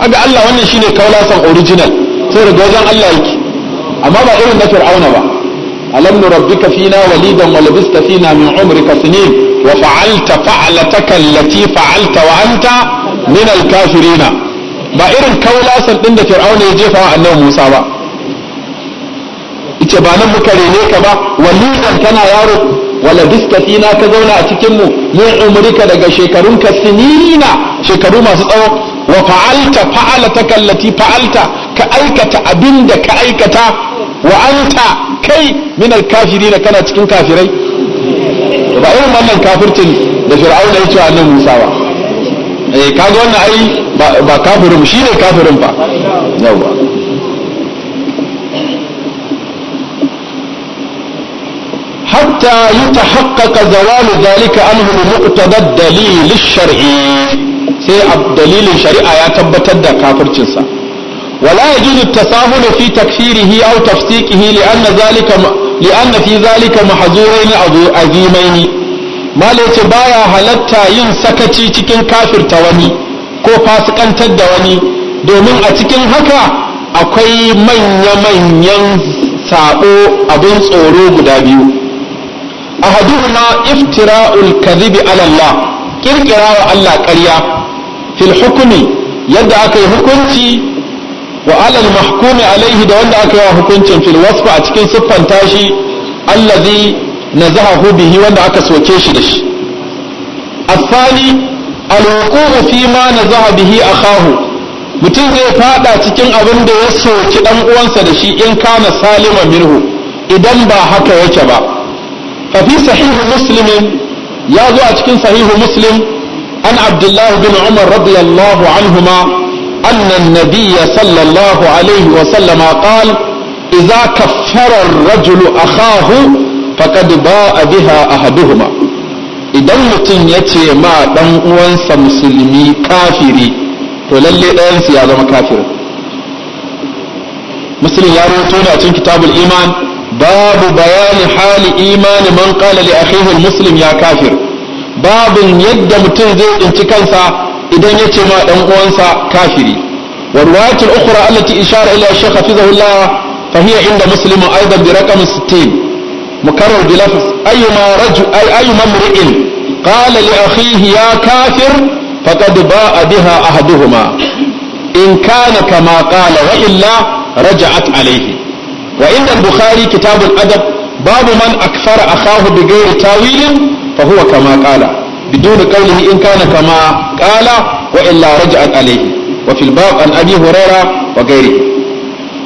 aga Allah wannan shine kaulasan original sai daga wajen Allah yake amma ba irin na fir'auna ba alam nurabbika fina walidan wa labista fina min umrika sinin wa fa'alta fa'alataka allati fa'alta wa anta kafirina ba irin kaulasan ɗin da fir'auna ya jefa wa annabi Musa ba ice ba nan muka rene ka ba walidan kana yaro wala biskati ka zauna a cikin mu min umrika daga shekarun ka sinina shekaru masu tsawo wa fa'alta fa'alataka kallati fa'alta ka aikata abinda ka aikata wa anta kai min al-kafirina kana cikin kafirai ba irin wannan kafircin da fir'auna ya ce Musa ba eh kaga wannan ai ba kafirin kafirin ba yawa حتى يتحقق زوال ذلك عنه بمقتضى الدليل الشرعي سي الدليل الشرعي يا تبتد كافر جنسا ولا يجوز التساهل في تكفيره أو تفسيقه لأن ذلك li'anna fi zalika mahzuraini azimaini mala yace baya halatta yin sakaci cikin kafirta wani ko fasikantar da wani domin a cikin haka akwai manya-manyan saɓo abin tsoro guda biyu ahaduhuma iftira'ul kadhibi ala Allah kirkira wa Allah ƙarya fil hukmi yadda akayi hukunci wa alal mahkumi alaihi da wanda aka yi wa hukuncin fil wasfa a cikin siffan tashi allazi nazahahu bihi wanda aka soke shi da shi asali alwuqu fi ma nazaha bihi akahu mutum zai fada cikin abin da ya soki dan uwansa da shi in kana salima minhu idan ba haka yake ba fa fi sahihu muslim ya zo a cikin sahihu muslim an abdullahi bin umar radiyallahu anhuma أن النبي صلى الله عليه وسلم قال إذا كفر الرجل أخاه فقد باء بها أحدهما idan mutum ya ce ma ɗan uwansa musulmi kafiri to lalle ɗayansu ya zama kafirin muslim ya rubuto a cikin kitabul iman babu bayani hali imani man qala li akhihi muslim ya kafir babin yadda mutum zai tsinci kansa idan ya ce ma ɗan uwansa kafiri wa ruwayatul ukhra allati ishara ila shaykh hafizahullah fa hiya inda muslim ayda bi raqam 60 mukarrar bi lafz ayyuma raju ay ayyuma mri'in qala li akhihi ya kafir faqad ba'a biha ahaduhuma in kama ƙala wa illa raj'at alayhi wa inda al-bukhari kitabul adab babu man akfara akhahu bi ghairi tawil fa huwa kama qala بدون قوله إن كان كما قال وإلا رجعت عليه وفي الباب عن أبي هريرة وغيره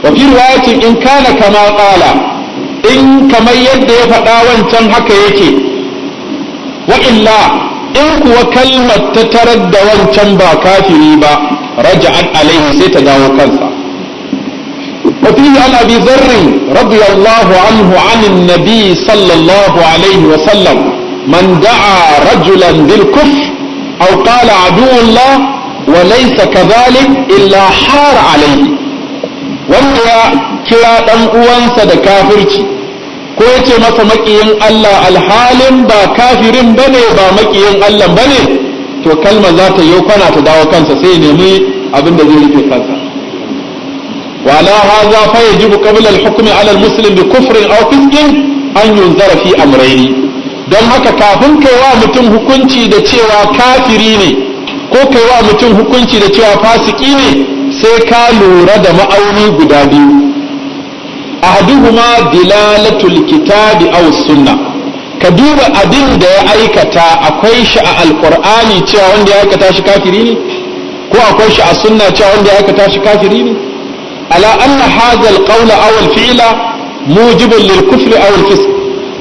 وفي رواية إن كان كما قال إن كما يد يفقى وانتن حكا يكي وإلا إن هو كلمة تترد وانتن با كافري با رجعت عليه سيتداو كنسا وفيه عن أبي ذر رضي الله عنه عن النبي صلى الله عليه وسلم Manda'a دعا رجلا بالكفر أو قال عدو الله وليس كذلك إلا حار wanda ya kira ɗan uwansa da kafirci ko ya ce masa maƙiyan Allah alhalin ba kafirin bane ba maƙiyin Allah bane to kalma za ta yi kwana ta dawo kansa sai nemi abin da zai rufe kansa wala haza fa yajibu qabla al-hukmi ala al kufrin aw fisqin an yunzara zarafi amrayni don haka kafin kai wa mutum hukunci da cewa kafiri ne ko kai wa mutum hukunci da cewa fasiki ne sai ka lura da ma'auni guda biyu ahaduhuma dilalatul kitabi aw sunna ka duba abin da ya aikata akwai shi a Alƙur'ani cewa wanda ya aikata shi kafiri ne ko akwai shi a sunna cewa wanda ya aikata shi kafiri ne ala anna hadha alqawla aw alfi'la mujibun lil kufri aw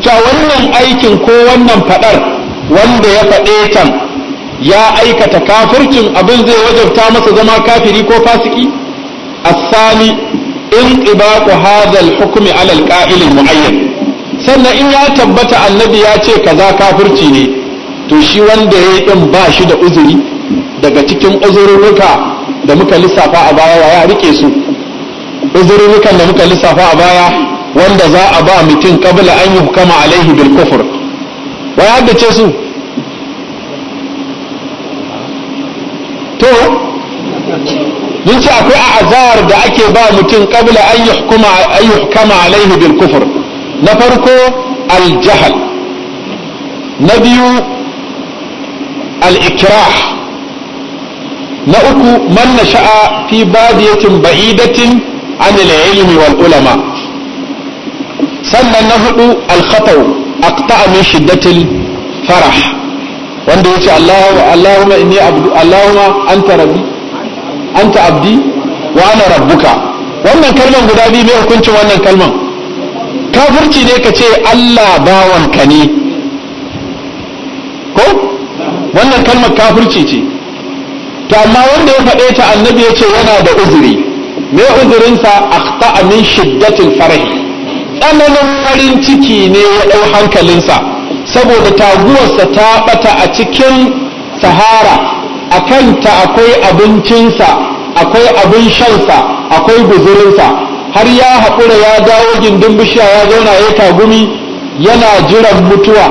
cewa wannan aikin ko wannan faɗar wanda ya faɗe tan ya aikata kafircin abin zai wajabta masa zama kafiri ko fasiki asali in ibaqu hadha al-hukmi ala sannan in ya tabbata annabi ya ce kaza kafirci ne to shi wanda ya din ba shi da uzuri daga cikin uzurruka da muka lissafa a baya ya rike su uzurrukan da muka lissafa a baya wanda za a ba mutum kabla an yi yuhkama alaihi bil kufr wai haddace su to mun ce akwai azawar da ake ba mutum kabla an yi an yuhkama alaihi bil kufr na farko al na biyu al na uku man sha'a fi badiyatin ba'idatin an al ilmi wal ulama sannan na hudu alkhatau aqta'a min shiddatil farah wanda yace Allahu Allahumma inni abdu Allahumma anta rabbi anta abdi wa ana rabbuka wannan kalman guda biyu ne hukuncin wannan kalman kafirci ne ka ce Allah ka ne ko wannan kalmar kafirci ce to amma wanda ya faɗe ta annabi ya ce yana da uzuri me uzurinsa akhta'a min shiddatil farahi tsananin farin ciki ne ya ɗau hankalinsa saboda taguwarsa ta ɓata a cikin sahara a kanta akwai abincinsa akwai abin shansa akwai guzurinsa har ya haƙura ya dawo gindin bishiya ya zauna ya tagumi yana jiran mutuwa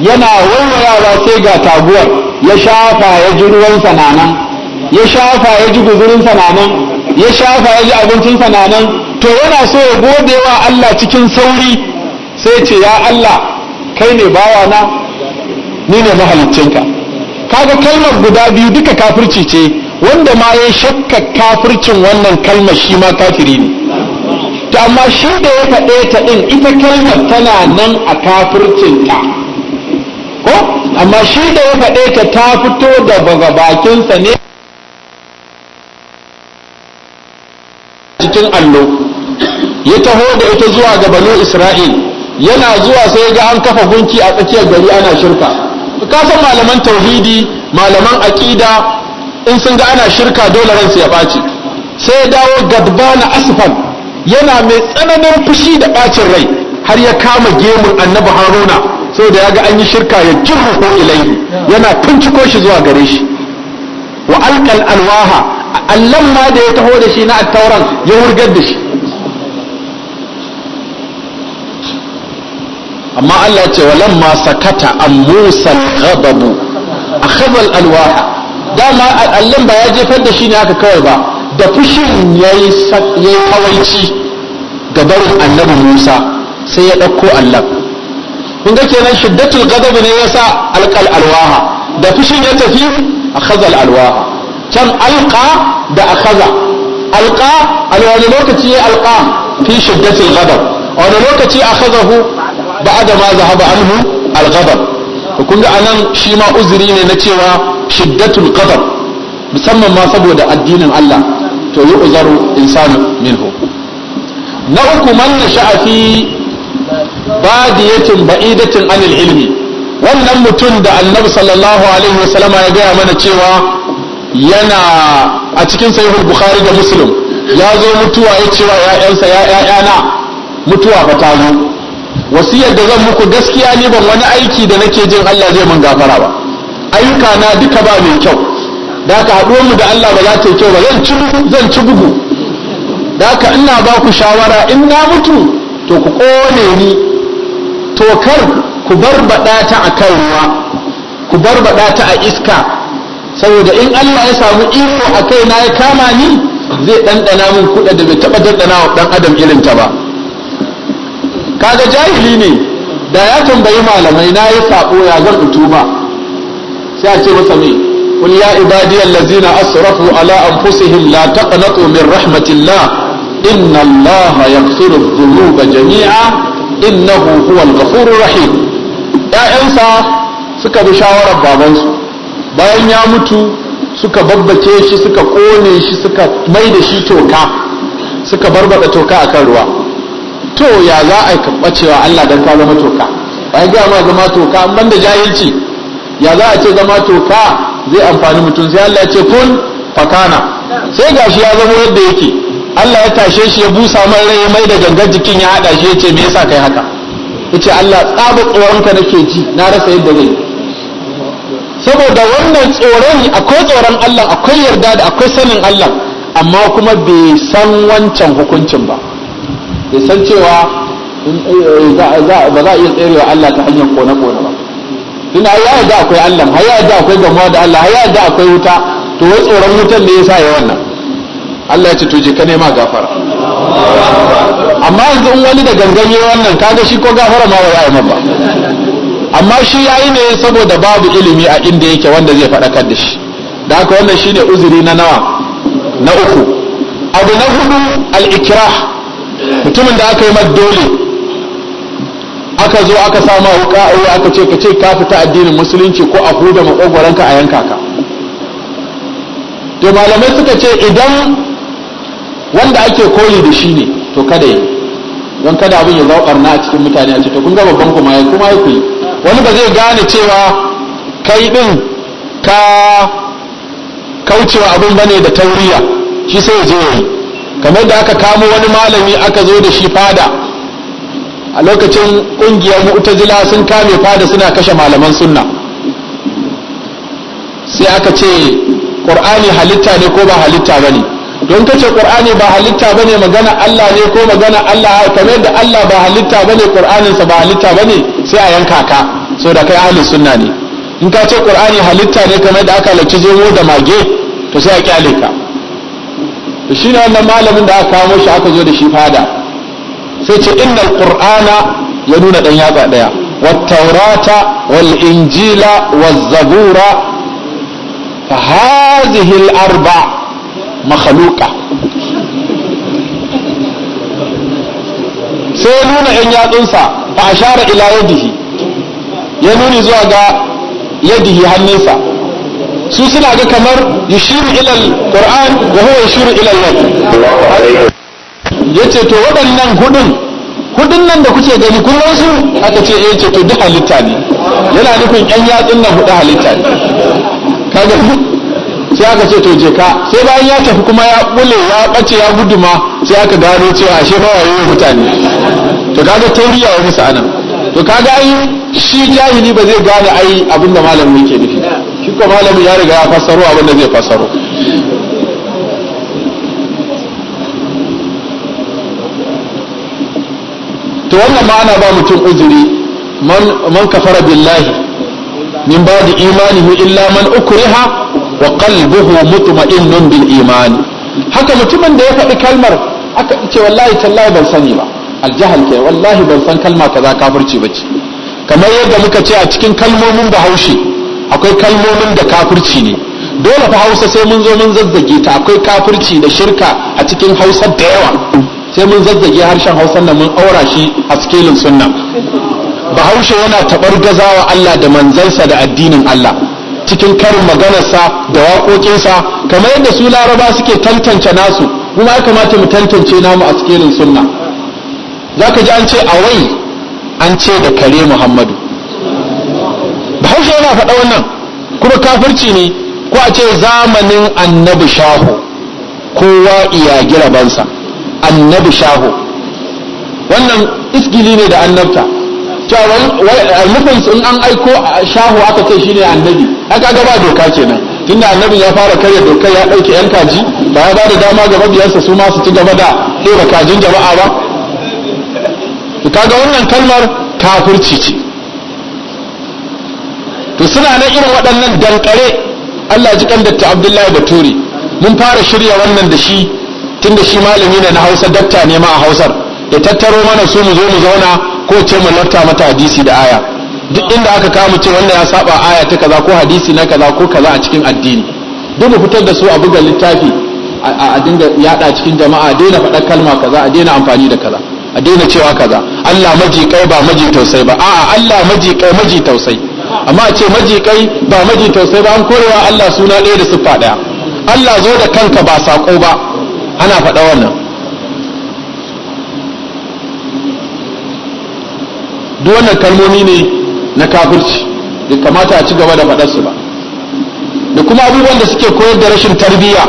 yana wawayawa sai ga taguwar ya shafa ya ji ruwansa nanan ya shafa ya ji guzurinsa nanan ya shafa ya ji abincinsa na nan to yana so ya gode wa Allah cikin sauri sai ce ya Allah kai ne bawa na ni ne mahalicinka kaga kalmar guda biyu duka kafirci ce wanda ma ya shakka kafircin wannan kalmar shi ma kafiri ne to amma shi da ya faɗe ta ɗin ita kalmar tana nan a kafircinta ko amma shi da ya faɗe ta ta fito daga bakinsa ne cikin allo ya taho da ita zuwa ga banu isra'il yana zuwa sai ga an kafa gunki a tsakiyar gari ana shirka san malaman tauhidi malaman aƙida in sun ga ana shirka dole ransu ya ɓaci sai ya dawo gadbana asfan yana mai tsananin fushi da ɓacin rai har ya kama gemun annabi haruna sai da ya ga an yi shirka ya jirhu ilaihi yana tunciko shi zuwa gare shi wa alƙal alwaha allan ma da ya taho da shi na attauran ya wurgar da shi amma Allah ya ce ma sakata an musa ghadabu a al-alwaha dama allan ba ya jefar da shi ne haka kawai ba da fushin yayi yi kawaici ga barin annabi Musa sai ya ɗauko allan kun ga kenan shiddatul ghadab ne yasa alqal alwaha da fushin ya tafi a al-alwaha can alka da akaza alqa a wani lokaci ya alqa fi shiddatil ghadab a wani lokaci akazahu da ma zahaba anhu al-ghadab anan shi ma uzuri ne na cewa shiddatun ghadab musamman ma saboda addinin Allah to yi uzaru insanu minhu na uku man nasha'a fi badiyatin ba'idatin anil ilmi wannan mutum da annabi sallallahu alaihi wasallama ya gaya mana cewa yana a cikin sahihul bukhari da muslim ya zo mutuwa ya cewa ya'yansa ya ya'yana mutuwa ba ta zo wasiyar da zan muku gaskiya ne ban wani aiki da nake jin Allah zai mun gafara ba ayyuka na duka ba mai kyau da ka haɗuwar mu da Allah ba za ta yi kyau ba zan ci zan ci bugu da ka ina ba ku shawara in na mutu to ku kone ni to kar ku barbada ta a kan ruwa ku barbada ta a iska saboda in Allah ya samu iko a kai na ya kama ni zai ɗanɗana min kuɗa da bai taɓa ɗanɗana wa ɗan adam irin ta ba kaga jahili ne da ya tambayi malamai na yi saɓo ya zan in sai a ce masa me qul ya ibadi allazina asrafu ala anfusihim la taqnatu min rahmatillah inna allaha yaghfiru dhunuba jami'a innahu huwal ghafurur rahim ya'ansa suka bi shawara babansu bayan ya mutu suka babbace shi suka kone shi suka mai da shi toka suka barbada toka akan ruwa to ya za a karɓa cewa Allah dan ka zama toka bayan ga ma zama toka an banda jahilci ya za a ce zama toka zai amfani mutum sai Allah ya ce kun fakana sai ga shi ya zama yadda yake Allah ya tashe shi ya busa man rai ya mai da gangar jikin ya hada shi ya ce me yasa kai haka yace Allah tsabar tsoronka nake ji na rasa yadda zai saboda wannan tsoron akwai tsoron Allah akwai yarda da akwai sanin Allah amma kuma bai san wancan hukuncin ba bai san cewa eh, ba za a iya tserewa Allah ta hanyar kone-kone ba tunda ya da akwai Allah har da akwai gamuwa da Allah har da akwai wuta to wai tsoron wutan ne yasa ya wannan Allah ya ce to je ka nema gafara amma yanzu in wani da gangan ya wannan kaga shi ko gafara ma ba za a yi ba amma shi ya yi ne saboda babu ilimi a inda yake wanda zai faɗakar da shi da haka wannan shine uzuri na nawa na uku abu na hudu al'ikira mutumin da aka yi dole aka zo aka sama wuka a aka ce ka ce ka fita addinin musulunci ko a huda maƙogwaranka a yanka ka to malamai suka ce idan wanda ake koli da shi ne to kada yi don kada abin ya zaukar na a cikin mutane a ce kun ga babban kuma ya kuma ya kuyi wani ba zai gane cewa kai din ka kaucewa abin bane da tauriya shi sai ya je kamar da aka kamo wani malami aka zo da shi fada a lokacin kungiyar mu'tazila sun kame fada suna kashe malaman sunna sai aka ce ƙur'ani halitta ne ko ba halitta bane don ce qur'ani ba halitta bane magana Allah ne ko magana Allah kamar da Allah ba halitta bane qur'anin sa ba halitta bane sai a yanka ka so da kai ahlus sunna ne in ka ce qur'ani halitta ne kamar da aka halicci zomo da mage to sai a kyale ka to shine wannan malamin da aka kawo shi aka zo da shi fada sai ce innal qur'ana ya nuna dan yatsa daya والتوراة والإنجيل والزبور فهذه الأربع makhaluka sai ya nuna yan yatsunsa fa ashara ila yadihi ya nuni zuwa ga yadihi hannunsa su suna ga kamar yushiru ila alquran wa huwa yushiru ila allah yace to waɗannan hudun hudun nan da kuke gani kun su aka ce eh ce to duk halitta ne yana nufin yan yatsun nan hudu halitta ne kaga sai aka ce to je ka sai bayan ya tafi kuma ya bule ya bace ya guduma ma sai aka gano cewa ashe ba wa mutane to kaga tauriya wa musu anan to kaga ai shi jahili ba zai gane ai abinda da malamin yake nufi shi ko malamin ya riga ya fassaro abin da zai fassaro to wannan ma ba mutum uzuri man kafara billahi min ba da imanihi illa man ukriha wa qalbuhu mutma'innun bil iman haka mutumin da ya faɗi kalmar aka ce wallahi tallahi ban sani ba aljahal ke wallahi ban san kalma kaza kafirci bace kamar yadda muka ce a cikin kalmomin bahaushe akwai kalmomin da kafirci ne dole fa hausa sai mun zo mun zazzage ta akwai kafirci da shirka a cikin hausa da yawa sai mun zazzage harshen hausa nan mun aura shi a skelin sunna bahaushe yana tabar gazawa Allah da manzansa da addinin Allah cikin karin maganarsa da waƙoƙinsa kamar yadda su laraba suke tantance nasu kuma ya kamata mu tantance namu a cikin sunna za ka ji an ce wai an ce da kare muhammadu bahaushe yana faɗa wannan kuma kafirci ne ko a ce zamanin annabi shaho kowa iya girabansa annabi shaho wannan isgili ne da annabta almufins in an aiko shahu aka ce shine annabi aka gaba doka kenan tunda annabin ya fara karya doka ya ɗauke yan kaji ba ya bada dama ga mabiyansa su ma su ci gaba da ɗora kajin jama'a ba kaga wannan kalmar kafirci ce to suna na irin waɗannan dankare Allah ji kan datta Abdullahi Baturi mun fara shirya wannan da shi tunda shi malami ne na Hausa datta ne ma a Hausar ya tattaro mana su mu zo mu zauna ko ce mu lafta mata hadisi da aya duk inda aka kama ce wannan ya saba aya ta kaza ko hadisi na kaza ko kaza a cikin addini duk mu fitar da su a buga littafi a dinga yada cikin jama'a a daina faɗa kalma kaza a daina amfani da kaza a daina cewa kaza Allah maji kai ba maji tausai ba a'a Allah maji kai maji tausai amma a ce maji kai ba maji tausai ba an korewa Allah suna ɗaya da siffa ɗaya Allah zo da kanka ba sako ba ana faɗa wannan duk wannan kalmomi ne na kafirci bai kamata a ci gaba da faɗar su ba da kuma abubuwan da suke koyar da rashin tarbiyya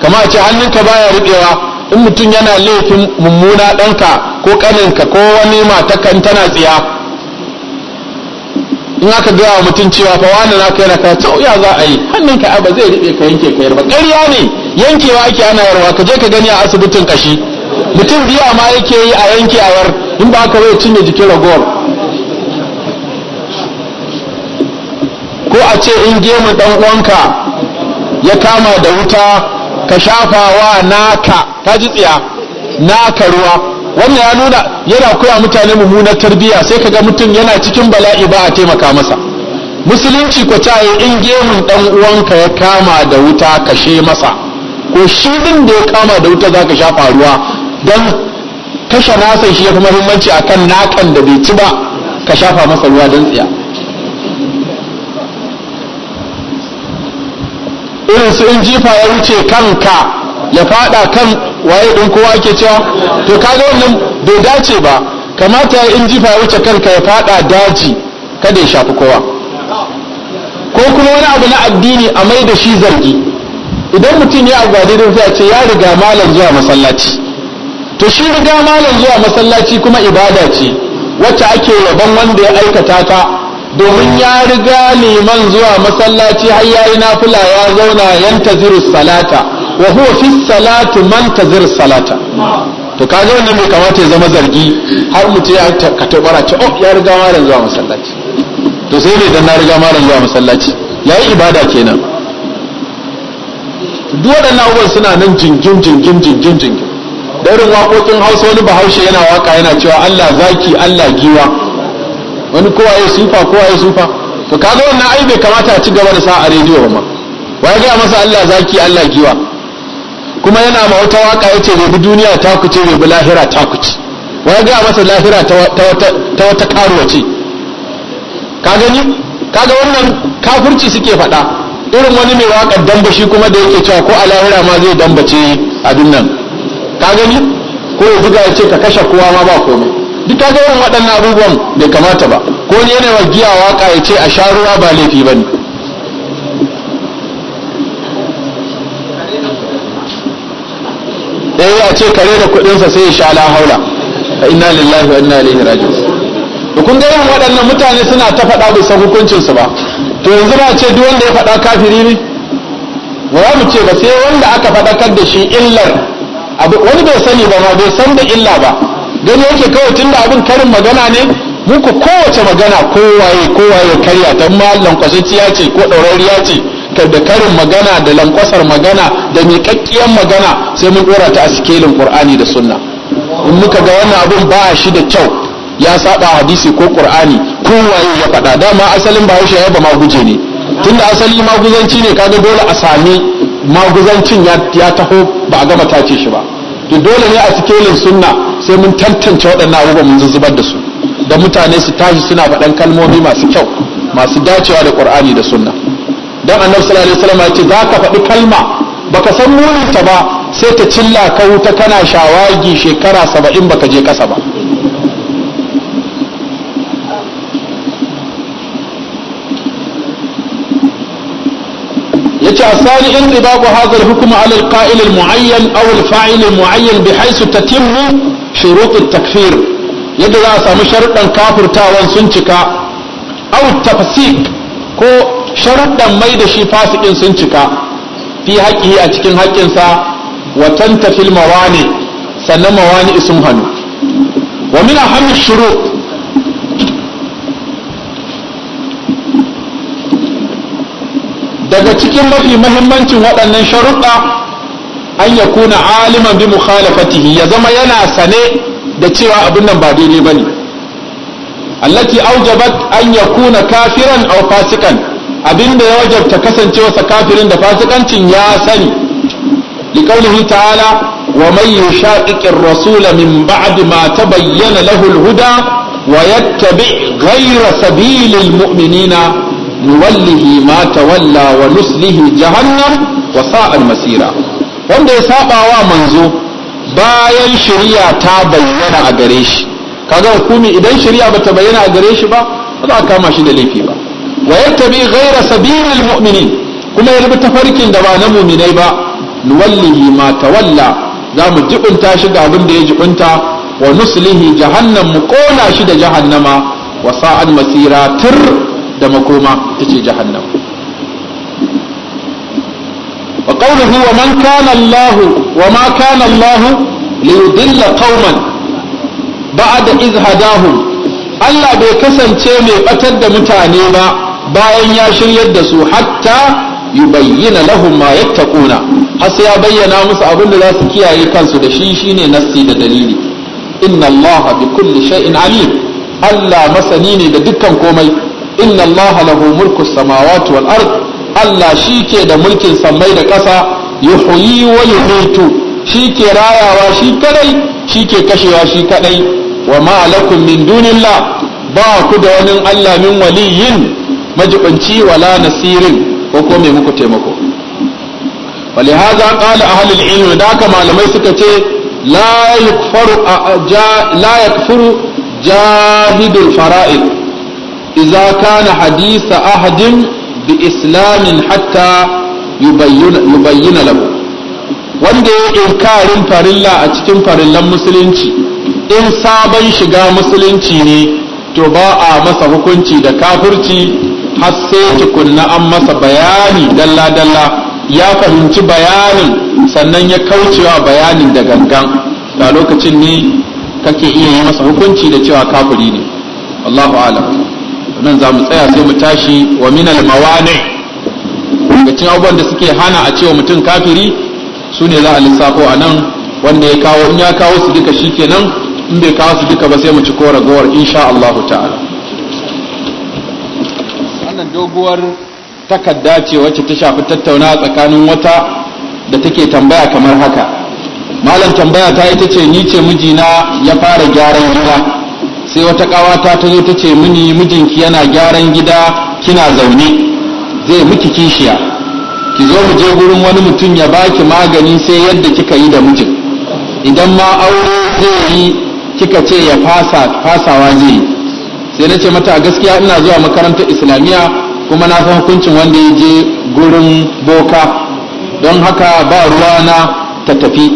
kama a ce hannunka baya riƙewa in mutum yana laifin mummuna ɗanka ko ƙaninka ko wani matakan tana tsiya in aka gaya wa mutum cewa fa wani na kai na kai ya za a yi hannunka ba zai riƙe ka yanke ka yarba ƙarya ne yankewa ake ana yarwa ka je ka gani a asibitin ƙashi. mutum biya ma yake yi a yanke a yar in ba zai cinye jikin ragowar ko a ce in gemu dan uwanka ya kama da wuta ka shafa wa naka ka ji tsiya naka ruwa wannan ya nuna yana koya mutane mummunar tarbiyya sai ka ga mutum yana cikin bala'i ba a taimaka masa musulunci ko ta yi in gemun dan uwanka ya kama da wuta kashe masa ko shi din da ya kama da wuta za ka shafa ruwa don kashe nasan shi ya fi muhimmanci akan nakan da bai ci ba ka shafa masa ruwa don tsiya irin su in jifa ya wuce kanka ya fada kan waye din kowa ke cewa to ga wannan bai dace ba kamata in jifa ya wuce kanka ya fada daji kada ya shafi kowa ko kuma wani abu na addini a mai da shi zargi idan mutum ya abu daidai ce ya riga malam zuwa masallaci to shi riga malam zuwa masallaci kuma ibada ce wacce ake yaban wanda ya aikata ta domin ya riga liman zuwa masallaci har yayi nafila ya zauna yantaziru salata wa huwa fi salatu man taziru salata to kaga wannan bai kamata ya zama zargi har mutum ya ka tobara ce oh ya riga malam zuwa masallaci to sai ne dan na riga malam zuwa masallaci yayi ibada kenan duk waɗannan abubuwan suna nan jingin jingin jingin jingin. da wakokin waƙoƙin hausa wani bahaushe yana waka yana cewa allah zaki allah giwa wani kowa ya sufa kowa ya sufa to kaga wannan ai bai kamata a ci gaba da sa a rediyo ba wa ya gaya masa allah zaki allah giwa kuma yana ma wata waka yace bai bi duniya ta kuce bai bi lahira ta kuce wa ya gaya masa lahira ta wata karuwa ce ka gani kaga wannan kafirci suke faɗa irin wani mai waƙar dambashi kuma da yake cewa ko a lahira ma zai dambace abin nan ka gani ko ya buga ya ce ka kashe kowa ma ba komai duk ka ga irin waɗannan abubuwan bai kamata ba ko ne yana giya waka ya ce a sha ruwa ba laifi ba ne ɗaya eh, ya ce kare da kuɗinsa sai ya sha ala haula inna lillahi wa inna ilaihi raji'un da kun ga irin waɗannan mutane suna ta faɗa bai san hukuncinsu ba to yanzu ba ce duk wanda ya faɗa kafiri ne ba za mu ce ba sai wanda aka faɗakar da shi illar wani bai sani ba ma bai san da illa ba gani yake kawai tun da abin karin magana ne muku kowace magana kowaye kowaye karya ta ma lankwasanci ya ce ko ɗaurariya ce da karin magana da lankwasar magana da miƙaƙƙiyar magana sai mun ɗora ta a sikelin ƙur'ani da sunna in muka ga wannan abin ba shi da kyau ya saɓa hadisi ko ƙur'ani kowaye ya faɗa dama asalin bahaushe ya ba ma guje ne tunda asali maguzanci ne kaga dole a sami maguzancin ya taho ba a gama tace shi ba to dole ne a sikelin sunna sai mun tantance waɗannan abubuwa mun zubar da su da mutane su tashi suna faɗan kalmomi masu kyau masu dacewa da qur'ani da sunna dan annabi sallallahu alaihi wasallam ya ce za ka faɗi kalma baka san muninta ba sai ta cilla ka wuta kana shawagi shekara saba'in baka je ƙasa ba الآثار انطباق هذا الحكم على القائل المعين أو الفاعل المعين بحيث تتم شروط التكفير يدل أسام شرطا كافر تاوان سنتكا أو التفسيق كو شرطا ميد شي فاسق سنتكا في حقه أتكين حقنسا وتنتفي الموانئ سنة موانئ سمهن ومن أهم الشروط daga cikin mafi mahimmancin waɗannan sharuɗa an ya kuna aliman bi mukhalafatihi ya zama yana sane da cewa abin nan ba daidai bane allati aujabat an ya kuna kafiran a fasikan abinda ya wajabta kasancewarsa kafirin da fasikancin ya sani liqaulihi ta'ala wa man yushaqiqir rasula min ba'di ma tabayyana lahu al-huda wa yattabi' ghayra sabilil mu'minina nuwallihi ma tawalla wa nuslihi jahannam wa masira wanda ya saba wa manzo bayan shari'a ta bayyana a gare shi kaga hukumi idan shari'a bata bayyana a gare shi ba ba za a kama shi da laifi ba wa yattabi ghayra sabilil mu'minin kuma ya rubuta farkin da ba na mu'minai ba nuwallihi ma tawalla za mu jibunta shi ga abin da ya jibunta wa nuslihi jahannam mu kona shi da jahannama wa sa'an masira tur da makoma ta ce jahannam wa qawluhu wa man kana Allah wa ma kana Allah li qauman ba'da idh Allah bai kasance mai batar da mutane ba bayan ya shiryar da su hatta yubayyana lahum ma yattaquna har sai ya bayyana musu abin da za su kiyaye kansu da shi shine nassi da dalili inna allaha bi kulli shay'in alim Allah masani ne da dukkan komai inna allaha lahu mulku samawati wal ard Allah shike da mulkin sammai da ƙasa yuhyi wa yumitu shike rayawa shi kadai shike kashewa shi kadai wa ma lakum min dunillah ba ku da wani Allah min waliyin majibanci wala nasirin ko ko mai muku taimako ولهذا قال أهل العلم ذاك ما لم يسكت لا يكفر لا يكفر جاهد الفرائض idza kana hadisa ahadin bi islamin hatta yubayyana lahu wanda ya inkarin farilla a cikin farillan musulunci in sabon shiga musulunci ne to ba a masa hukunci da kafirci har sai tukunna an masa bayani dalla-dalla ya fahimci bayanin sannan ya kaucewa bayanin da gangan da lokacin ne kake iya yi masa hukunci da cewa kafiri ne Allahu alam nan za mu tsaya sai mu tashi wa minal mawani daga cin abubuwan da suke hana a cewa mutum kafiri su ne za a lissafo a nan wanda ya kawo in ya kawo su duka shi kenan in bai kawo su duka ba sai mu ci ko ragowar insha Allah ta'ala wannan doguwar takarda ce wacce ta shafi tattauna tsakanin wata da take tambaya kamar haka malam tambaya ta ita ce ni ce mijina ya fara gyaran gida sai wata kawata ta zo ta ce mini mijinki yana gyaran gida kina zaune zai miki kishiya ki zo mu je gurin wani mutum ya baki magani sai yadda kika yi da mijin idan ma aure zai yi kika ce ya fasa fasawa zai yi sai na ce mata gaskiya ina zuwa makarantar islamiyya kuma na san hukuncin wanda ya je gurin boka don haka ba ruwa na ta tafi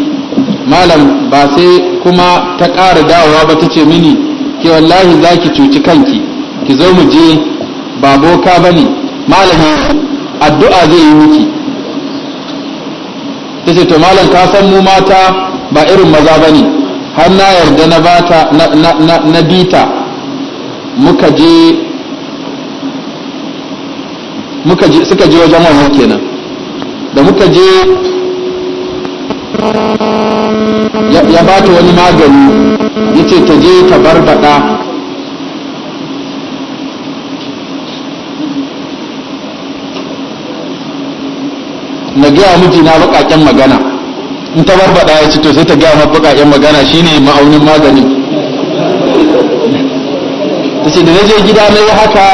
malam ba sai kuma ta ƙara dawowa ba ta ce mini ke wallahi za ki cuci kanki ki zo mu je ba boka ba ne malamin addu'a zai yi miki ta ce to malam ka san mu mata ba irin maza ba ne har na yarda na bata na bita muka je muka je suka je wajen wannan kenan da muka je ya bata wani magani yace ta je ta barbada na gaya mijina baƙaƙen magana in ta barbada ya to sai ta gaya ma baƙaƙen magana shine ma'aunin magani ta ce da na je gida na yi haka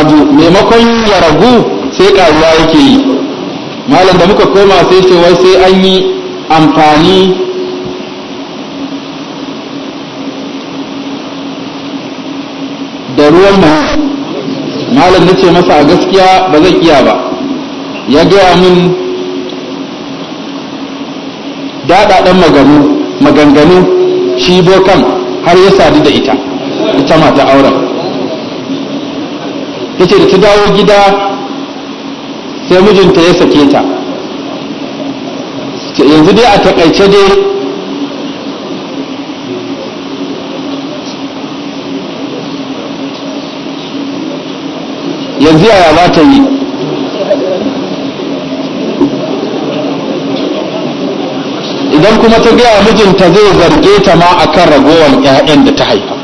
abu maimakon ya ragu sai ƙaruwa yake yi malam da muka koma sai ce wai sai an yi amfani da ruwan mu malam nace masa a gaskiya ba zai iya ba ya gaya min daɗaɗen maganganu shi bokan har ya sadu da ita ita mata auren ta ce da ta dawo gida sai mijinta ya sake ta yanzu dai a takaice dai yanzu yaya za ta yi idan kuma ta gaya mijinta zai zarge ta ma a kan ragowar 'ya'yan da ta haifa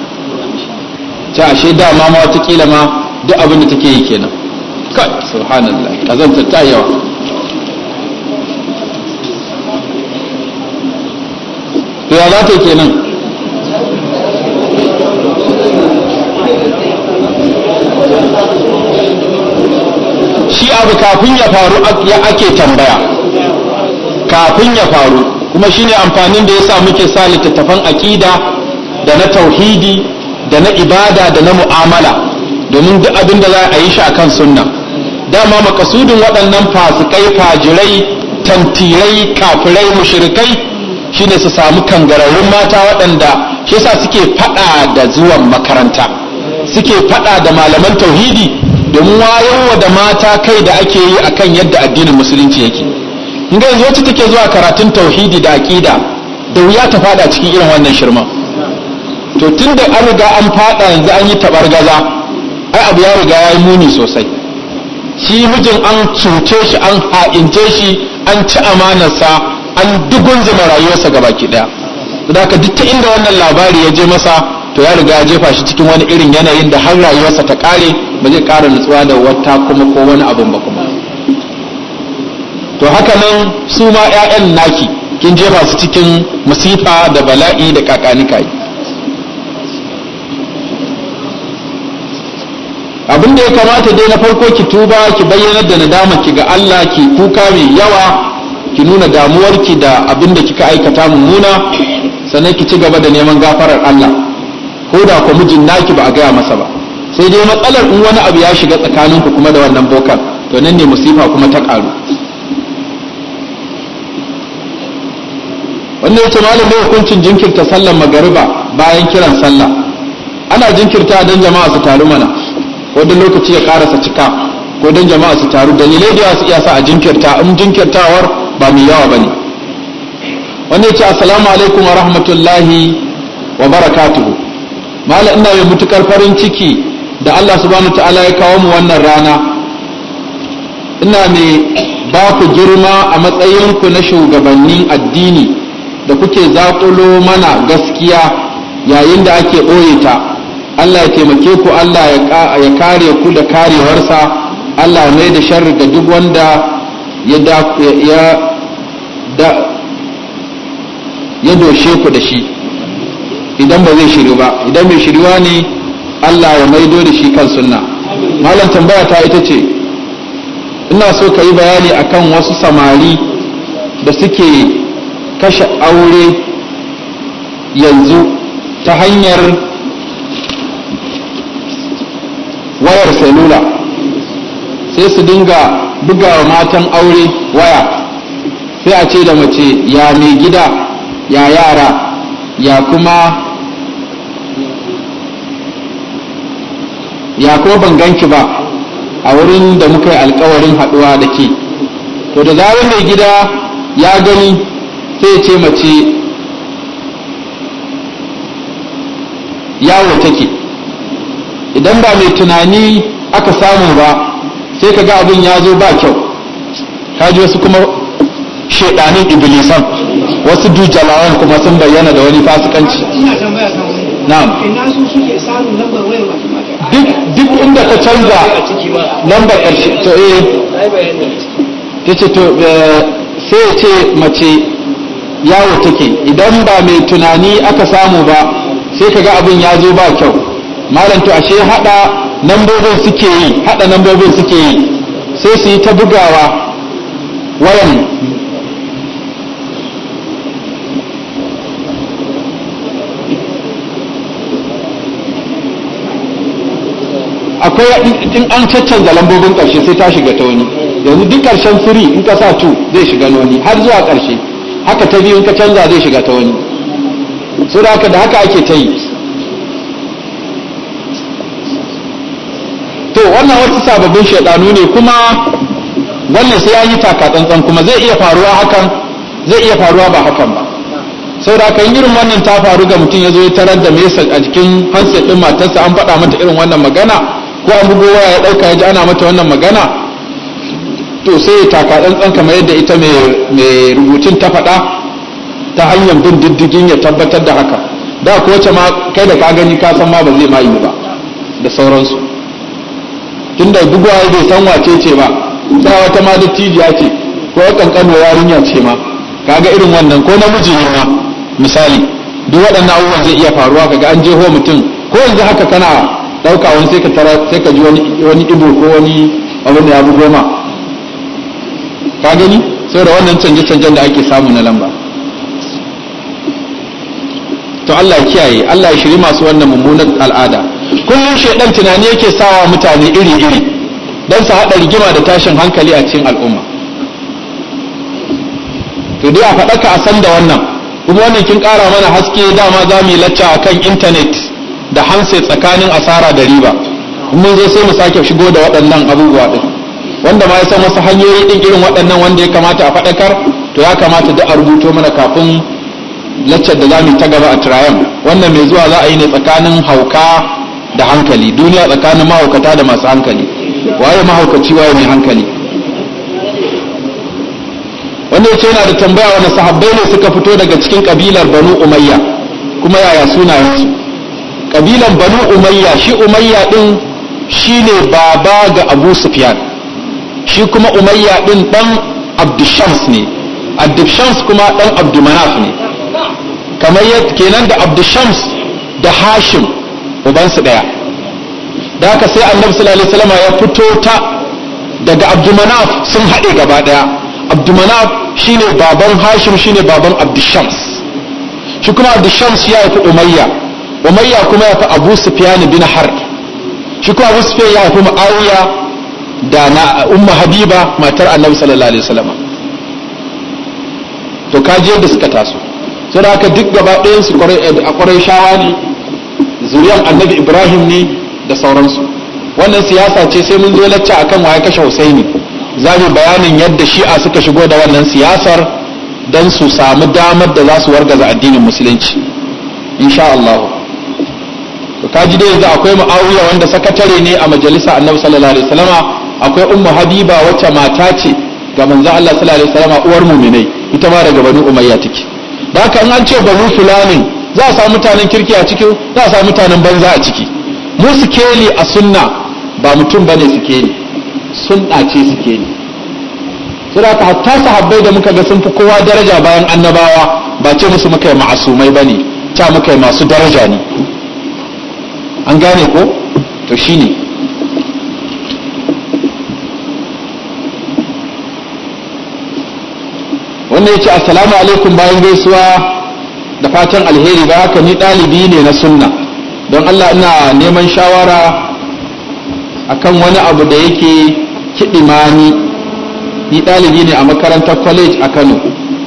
ta ashe dama ma watakila ma duk abin da take yi kenan kai subhanallah kazanta ta yawa ya za ta yi kenan shi abu kafin ya faru ake tambaya kafin ya faru kuma shi ne amfanin da ya sa muke sa littattafan aƙida da na tauhidi da na ibada da na mu'amala domin duk abin da za a yi shi a akan sunna dama makasudin waɗannan fasikai fajirai tantirai kafirai mushirikai shine su samu kangararrun mata waɗanda shi yasa suke faɗa da zuwan makaranta suke faɗa da malaman tauhidi domin wayarwa da mata kai da ake yi akan yadda addinin musulunci yake in ga yanzu wacce take zuwa karatun tauhidi da aƙida da wuya ta faɗa cikin irin wannan shirma to tun da an riga an faɗa yanzu an yi tabargaza ai abu ya riga ya yi muni sosai shi mijin an cuce shi an ha'ince shi an ci amanarsa an dugun zama rayuwarsa ga baki daya da ka duk ta inda wannan labari ya je masa to ya riga ya jefa shi cikin wani irin yanayin da har rayuwarsa ta kare ba zai kara nutsuwa da wata kuma ko wani abin ba kuma to haka nan su ma 'ya'yan naki kin jefa su cikin musifa da bala'i da kakanikai abin da ya kamata dai na farko ki tuba ki bayyanar da nadama ki ga Allah ki kuka mai yawa ki nuna damuwarki da abin da kika aikata mummuna sannan ki ci gaba da neman gafarar Allah ko da ku mijin naki ba a gaya masa ba sai dai matsalar in wani abu ya shiga tsakaninku kuma da wannan bokan to nan ne musifa kuma ta karu wannan yace malam mai hukuncin jinkirta sallar magariba bayan kiran sallah ana jinkirta don jama'a su taru mana ko lokaci ya karasa cika ko don jama'a su taru dalilai da su iya sa a jinkirta in jinkirtawar ba mai yawa ba ne wanda ya ce asalamu alaikum wa rahmatullahi wa barakatuhu mala ina mai mutukar farin ciki da Allah subhanahu ta'ala ya kawo mu wannan rana ina mai ba ku girma a matsayinku na shugabannin addini da kuke zaƙulo mana gaskiya yayin da ake ɓoye ta Allah ya taimake ku Allah ya kare ku da karewarsa Allah mai da sharri ga duk wanda ya da ya doshe ku da shi idan ba zai shiru ba idan mai shiruwa ne Allah ya maido da shi kan sunna malam tambaya ta ita ce ina so ka yi bayani akan wasu samari da suke kashe aure yanzu ta hanyar wayar salula sai su dinga bugawa matan aure waya sai a ce da mace ya mai gida ya yara ya kuma ya ko ban ganki ba a wurin da muka yi alkawarin haɗuwa da ke to da zarar mai gida ya gani sai ce mace yawo take idan ba mai tunani aka samu ba sai ka ga abin ya zo ba kyau ji wasu kuma shaidanin iblisan wasu dujalawan kuma sun bayyana da wani fasikanci duk inda ka canza lambar karshe to eh yace to eh, sai ya ce mace yawo take idan ba mai tunani aka samu ba sai ka ga abin ya zo ba kyau malam to ashe hada nambobin suke yi hada nambobin suke yi sai su yi ta bugawa wayan akwai in an caccanza lambobin karshe sai ta shiga ta wani yanzu duk ƙarshen firi in ka sa tu zai shiga na wani har zuwa ƙarshe haka ta biyu in ka canza zai shiga ta wani sai da haka da haka ake ta yi to wannan wasu sababbin shaidanu ne kuma wannan sai ya yi taka tsantsan kuma zai iya faruwa hakan zai iya faruwa ba hakan ba sau da kan irin wannan ta faru ga mutum ya zo ya tarar da mesa a jikin hansa ɗin matarsa an faɗa mata irin wannan magana ko an bugo waya ya dauka ya ji ana mata wannan magana to sai ya taka tsantsan kamar yadda ita mai rubutun ta faɗa ta hanyar bin diddigin ya tabbatar da haka da ko wace ma kai da ka gani ka san ma ba zai ma yi ba da sauransu tunda bugowa ya bai san wace ce ba da wata ma dattijiya ce ko kankanuwa yarinya ce ma kaga irin wannan ko namiji ne ma misali duk waɗannan abubuwan zai iya faruwa kaga an jeho mutum ko yanzu haka kana Dauka wani sai ka tara sai ka ji wani ido ko wani abin da ya bi goma ka gani sai da wannan canje-canjen da ake samu na lamba to Allah ya kiyaye Allah ya shiri masu wannan mummunan al'ada kullum shaidan tunani yake sawa mutane iri-iri don su haɗa rigima da tashin hankali a cikin al'umma to dai a faɗaka a sanda wannan kuma wannan kin ƙara mana haske dama za mu yi lacca akan intanet da hanse tsakanin asara da riba mun zo sai mu sake shigo da waɗannan abubuwa ɗin wanda ma ya san wasu hanyoyi ɗin irin waɗannan wanda ya kamata a faɗakar to ya kamata da a rubuto mana kafin laccar da za mu ta gaba a tirayen wannan mai zuwa za a yi ne tsakanin hauka da hankali duniya tsakanin mahaukata da masu hankali waye mahaukaci waye mai hankali wanda ya ce yana da tambaya wani sahabbai ne suka fito daga cikin kabilar banu umayya kuma yaya sunayensu kabilan banu umayya shi umayya din shine baba ga abu sufyan shi kuma umayya din dan abdushams ne abdushams kuma dan abdumanaf ne kamar kenan da abdushams da hashim ubansu daya da haka sai annabi sallallahu alaihi wasallam ya fito ta daga abdumanaf sun haɗe gaba daya abdumanaf shine baban hashim shine baban abdushams shi kuma abdushams ya haifi umayya ya kuma ya fi abu ni bin har shi kuma abu fiya ya fi ma'auya da na umma habiba matar annabi sallallahu alaihi wasallam to ka je da suka taso sai haka duk gaba ɗayan su eh, a kwarai shawa ne zuriyar annabi ibrahim ne da sauransu wannan siyasa ce sai mun zo lacca akan waye kashe husaini za mu bayanin yadda shi'a suka shigo da wannan siyasar don su samu damar da za su wargaza addinin musulunci insha Allah to ji dai yanzu akwai mu'awiya wanda sakatare ne a majalisa annabi sallallahu alaihi wasallama akwai ummu habiba wacce mata ce ga manzo Allah sallallahu alaihi wasallama uwar mu'minai ita ma daga banu umayya take da haka in an ce banu fulanin za a samu mutanen kirki a ciki za a samu mutanen banza a ciki mu sikeli a sunna ba mutum bane sikeli sunna ce sikeli sura ta hatta sahabbai da muka ga sun fi kowa daraja bayan annabawa ba ce musu muka yi ma'asumai bane ta muka yi masu daraja ne an gane ko to shi ne ya ya ce assalamu alaikum bayan gaisuwa da fatan alheri ba haka ni ɗalibi ne na sunna don Allah ina neman shawara akan wani abu da yake kiɗimani ni ɗalibi ne a makarantar college a Kano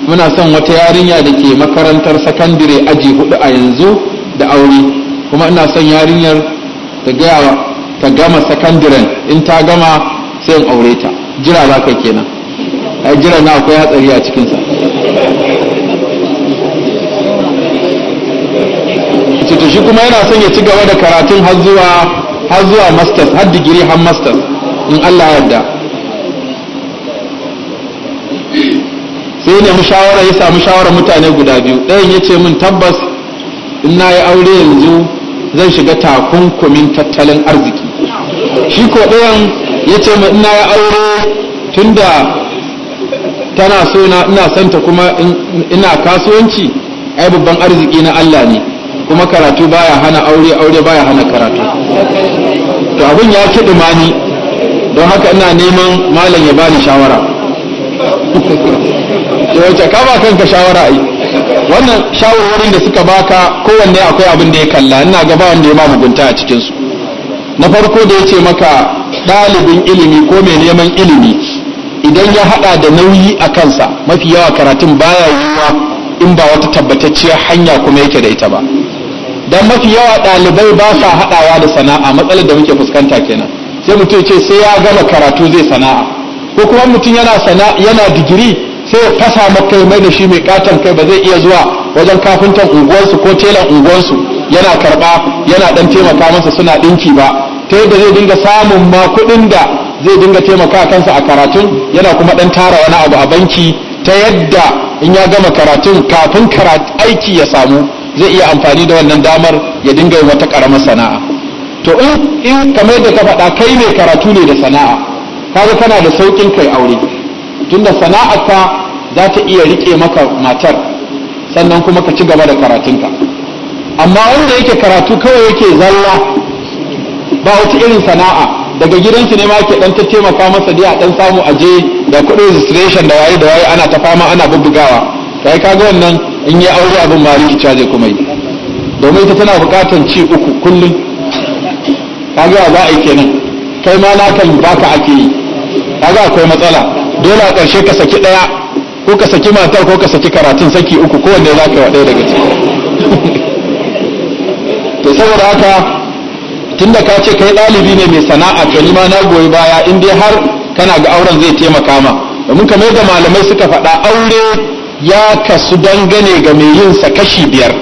muna son wata yarinya da ke makarantar secondary aji hudu a yanzu da aure kuma ina son yarinyar ta gama sakandiren in ta gama sai in aure ta jira za ka kenan ai jira na akwai hatsari a cikinsa to shi kuma yana son ya ci gaba da karatun har zuwa masters har digiri har masters in Allah yarda sai ne shawara ya samu shawarar mutane guda biyu ɗayan ya ce min tabbas in na yi aure yanzu zan shiga takunkumin tattalin arziki shi ko ɗayan ya ce ma ina ya aure tunda tana so na ina santa kuma ina kasuwanci ai babban arziki na Allah ne kuma karatu baya hana aure aure baya hana karatu to abin ya ci dumani don haka ina neman malam ya bani shawara to wace ka kanka shawara ai wannan shawarwarin da suka baka kowanne akwai abin da ya kalla ina gaba wanda ya ma mugunta a cikin su na farko da ya ce maka ɗalibin ilimi ko mai neman ilimi idan ya haɗa da nauyi a kansa mafi yawa karatun baya yiwuwa in ba wata tabbatacciyar hanya kuma yake da ita ba dan mafi yawa ɗalibai ba sa haɗawa da sana'a matsalar da muke fuskanta kenan sai mutum ce sai ya gama karatu zai sana'a ko kuma mutum yana yana digiri sai ya fasa kai mai da shi mai katon kai ba zai iya zuwa wajen kafintan unguwarsu ko telan unguwarsu yana karba yana dan taimaka masa suna dinki ba ta yadda zai dinga samun ma kuɗin da zai dinga taimaka kansa a karatun yana kuma dan tara wani abu a banki ta yadda in ya gama karatun kafin aiki ya samu zai iya amfani da wannan damar ya dinga yin wata karamar sana'a to in in kamar yadda ka faɗa kai mai karatu ne da sana'a kaga kana da saukin kai aure tunda sana'arka za ta iya riƙe maka matar sannan kuma ka ci gaba da karatunka amma wanda yake karatu kawai yake zalla ba wata irin sana'a daga gidansu ne ma ke dan ta taimaka masa dai a dan samu aje da kuɗin registration da waye da waye ana ta fama ana bubbugawa kai kaga wannan in yi aure abin ma rikica caje kuma yi domin ita tana buƙatar ci uku kullum kaga za a yi kenan kai ma na kan baka ake yi kaga akwai matsala dole a ƙarshe ka saki ɗaya ko ka saki matar ko ka saki karatun saki uku wanda za ka yi ɗaya daga ciki to saboda haka tunda ka ce kai ɗalibi ne mai sana'a to ma na goyi baya in dai har kana ga auren zai taimaka ma domin kamar da malamai suka faɗa aure ya kasu dangane ga mai yin sa kashi biyar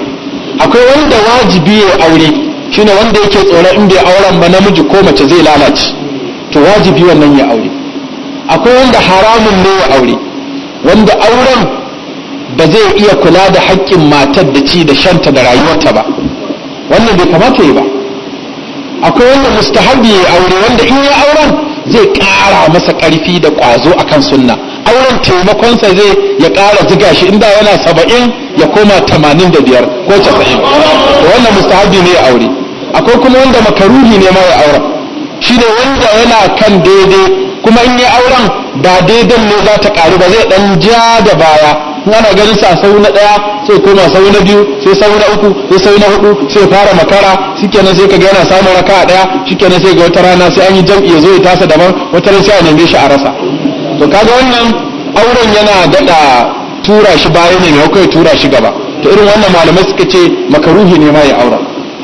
akwai wanda wajibi ya aure shine wanda yake tsoro in bai auren ba namiji ko mace zai lalace to wajibi wannan ya aure akwai wanda haramun ne ya aure wanda auren ba zai iya kula da haƙƙin matar da ci da shanta da rayuwarta ba wannan bai kamata yi ba akwai wanda mustahabi ya aure wanda in ya auren zai ƙara masa ƙarfi da ƙwazo a kan sunna auren taimakonsa zai ya ƙara ziga shi inda yana saba'in ya koma tamanin da biyar ko casa'in wannan mustahabi ne ya aure akwai kuma wanda makaruhi ne ma ya auren shi ne wanda yana kan daidai kuma in ya auren ba daidan ne za ta karu ba zai dan ja da baya ana ganin sa sau na daya sai koma sau na biyu sai sau na uku sai sau na hudu sai fara makara shikenan sai kaga yana samun raka a daya shikenan sai ga wata rana sai an yi jam'i zo ya tasa daban wata rana sai a neme shi a rasa to kaga wannan auren yana daɗa tura shi bayan ne ya kai tura shi gaba to irin wannan malamai suka ce makaruhi ne ma ya aura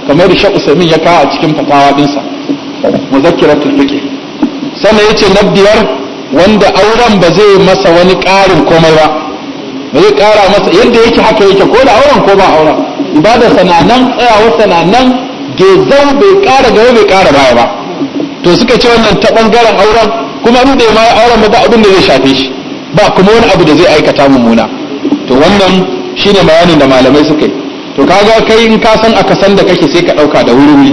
kamar da shaƙu sami ya kawo a cikin fatawa ɗinsa muzakkiratul fiqh sannan yace na biyar wanda auren ba zai masa wani ƙarin komai ba ba zai ƙara masa yadda yake haka yake ko da auren ko ba auren ibada sananan tsayawar sananan gezau bai ƙara gaba bai ƙara baya ba to suka ce wannan ta ɓangaren auren kuma inda ya ma auren ba abin da zai shafe shi ba kuma wani abu da zai aikata mummuna to wannan shine bayanin da malamai suka yi to kaga kai in ka san aka san da kake sai ka ɗauka da wuri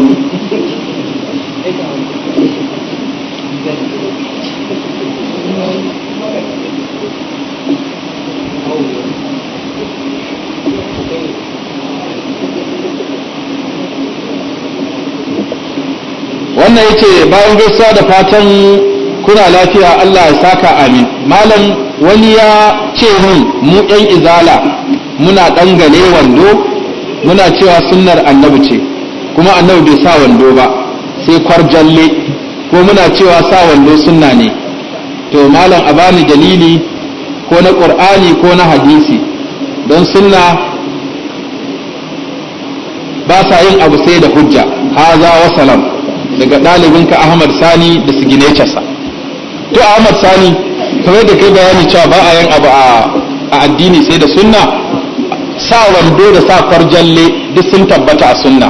wannan yace bayan gaisuwa da fatan kuna lafiya Allah ya saka amin malam wani ya ce mun mu ɗan izala muna ɗangale wando muna cewa sunnar annabi ce kuma annabi bai sa wando ba sai kwarjalle ko muna cewa sa wando sunna ne to malam a bani dalili ko na ƙur'ani ko na hadisi don sunna ba sa yin abu sai da hujja haza wa salam daga ɗalibinka ahmad sani da siginecarsa to ahmad sani kamar da kai bayani cewa ba a yin abu a addini sai da sunna sa wando da sa farjalle duk sun tabbata a sunna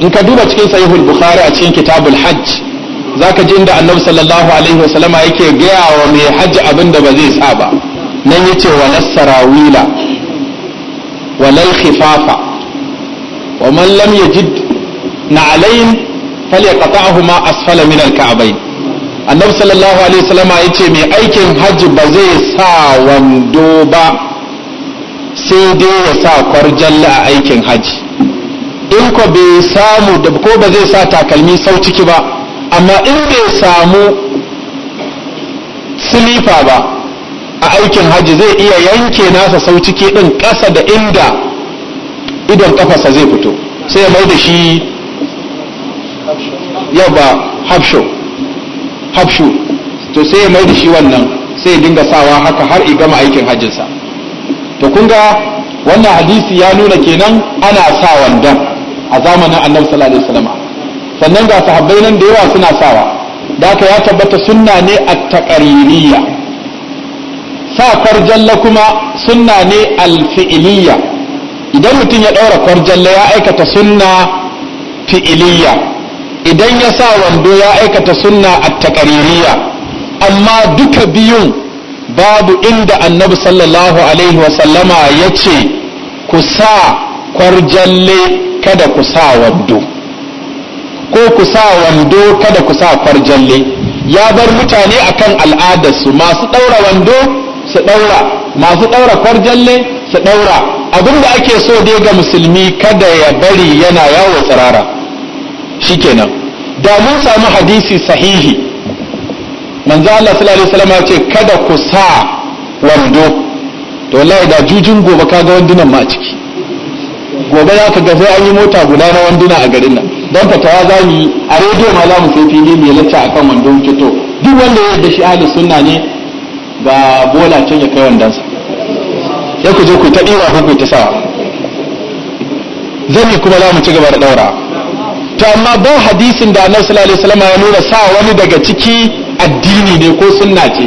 in ka duba cikin sahihul bukhari a cikin kitabul hajj zaka ji inda annabi sallallahu alaihi wasallama yake gaya wa mai hajji abin da ba zai sa ba nan yace wa nasarawila wa lal khifafa wa man lam yajid na alayin falyaqta'huma asfala min alka'bayn annabi sallallahu alaihi wasallama yace mai aikin hajji ba zai sa wando ba sai dai ya sa kwarjalla a aikin hajji in ko bai samu da ko ba zai sa takalmi sau ciki ba amma in bai samu silifa ba a aikin hajji zai iya yanke nasa sau ɗin ƙasa da inda idon kafasa zai fito sai ya mai da shi yau ba hafsho hafshu to sai ya mai da shi wannan sai ya dinga sawa haka har i gama aikin hajjinsa to kun ga wannan hadisi ya nuna kenan ana sa wanda a zamanin annabi sallallahu alaihi wasallam sannan ga sahabbai nan da yawa suna sawa da haka ya tabbata sunna ne at-taqririyya sa kwarjalla kuma sunna ne al-fi'liyya idan mutum ya daura kwarjalla ya aikata sunna fi'iliyya idan ya sa wando ya aikata sunna a takaririya amma duka biyun babu inda annabi sallallahu alaihi wasallama ya ce ku sa kwarjalle kada ku sa wando ko ku sa wando kada ku sa kwarjalle ya bar mutane akan al'adarsu masu ɗaura wando su ɗaura masu ɗaura kwarjalle su ɗaura abin da ake so dai ga musulmi kada ya bari yana yawo tsirara shikenan da mun samu hadisi sahihi manzo Allah sallallahu alaihi ya ce kada ku sa wando to wallahi da jujin gobe kaga wandunan ma a ciki gobe za ka ga sai an yi mota guda na wanduna a garin nan don fatawa za mu yi a rediyo ma za mu sai fili mai lacca akan wandon to duk wanda ya da shi ahli sunna ne ga bola can ya kai wandonsa sai ku je ku ta ɗiwa ku ta sawa zan yi kuma za mu ci gaba da ɗaura to amma ba hadisin da annabi sallallahu alaihi wasallam ya nuna sa wani daga ciki addini ne ko sunna ce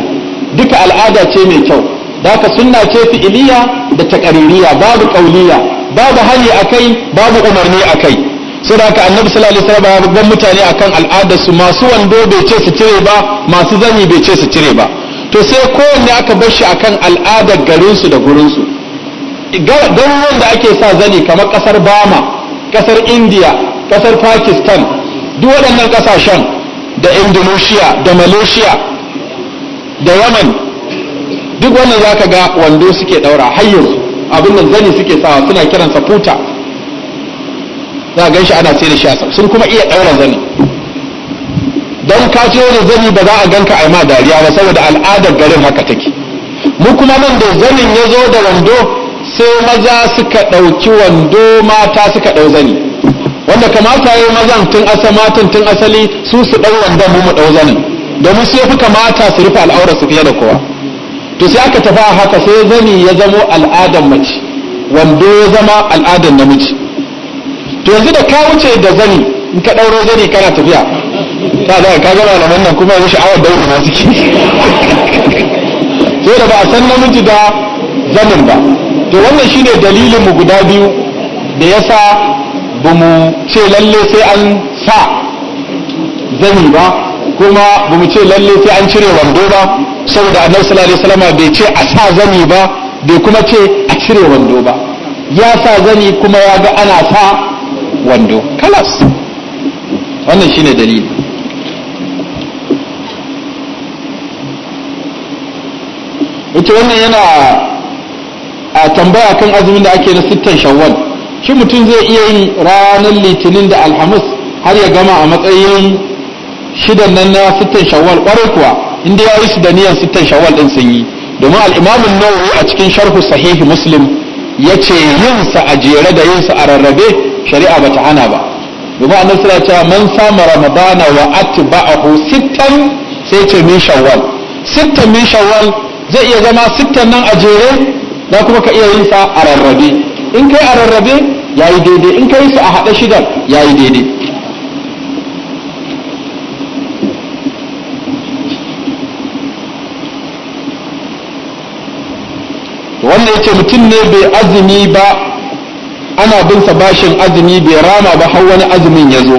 duka al'ada ce mai kyau baka sunna ce fi'iliya da taqaririya babu qauliya babu hali akai babu umarni akai saboda da annabi sallallahu alaihi wasallam ya ga mutane akan al'adar su masu wando bai ce su cire ba masu zani bai ce su cire ba to sai kowanne aka bar shi akan al'adar garinsu da gurinsu garuruwan da ake sa zani kamar kasar bama kasar indiya kasar pakistan duk waɗannan ƙasashen da indonesia da malaysia da yaman duk wannan za ka ga wando suke ɗaura hayyar abin nan zani suke sawa suna kiransa futa za shi ana sai da shasa sun kuma iya ɗaura zani don ka ciyo da zani ba za a ganka a ma dariya ba saboda al'adar garin haka take mu kuma nan da zanin ya zo da wando sai maza suka ɗauki wando mata suka ɗau zani wanda kamata ya yi mazan tun asa matan tun asali su su ɗau wanda mu mu ɗau zanin domin su yafi kamata su rufe al'aurar su fiye da kowa to sai aka tafi a haka sai zani ya zamo al'adar mace wando ya zama al'adar namiji to yanzu da ka wuce da zani in ka ɗauro zani kana tafiya ta da ka gama na nan kuma yanzu sha'awar daura masu suke sai da ba a san namiji da zanin ba to wannan shine dalilin mu guda biyu da yasa Bamu ce lalle sai an sa zani ba kuma ba ce lalle sai an cire wando ba saboda annabi sallallahu alaihi wasallam bai ce a sa zani ba bai kuma ce a cire wando ba ya sa zani kuma ya ga ana sa wando kalas wannan shine dalili ita wannan yana a tambaya kan azumin da ake na sittan shawwal shi mutum zai iya yin ranar litinin da alhamis har ya gama a matsayin shidan nan na sittan shawwal kwarai kuwa inda ya yi su da niyan sittan shawwal ɗin sun yi domin al'imamin nawawi a cikin sharhu sahihi muslim ya ce yin sa a jere da yin sa a rarrabe shari'a bata hana ba domin annabi sallallahu cewa man sama ramadana wa atba'ahu sittan sai ce min shawwal sittan min shawwal zai iya zama sittan nan a jere da kuma ka iya yin sa a rarrabe in kai a rarrabe ya yi daidai in kai su a haɗa shida ya yi daidai wannan yace mutum ne bai azumi ba ana bin sa bashin azumi bai rama ba har wani azumin ya zo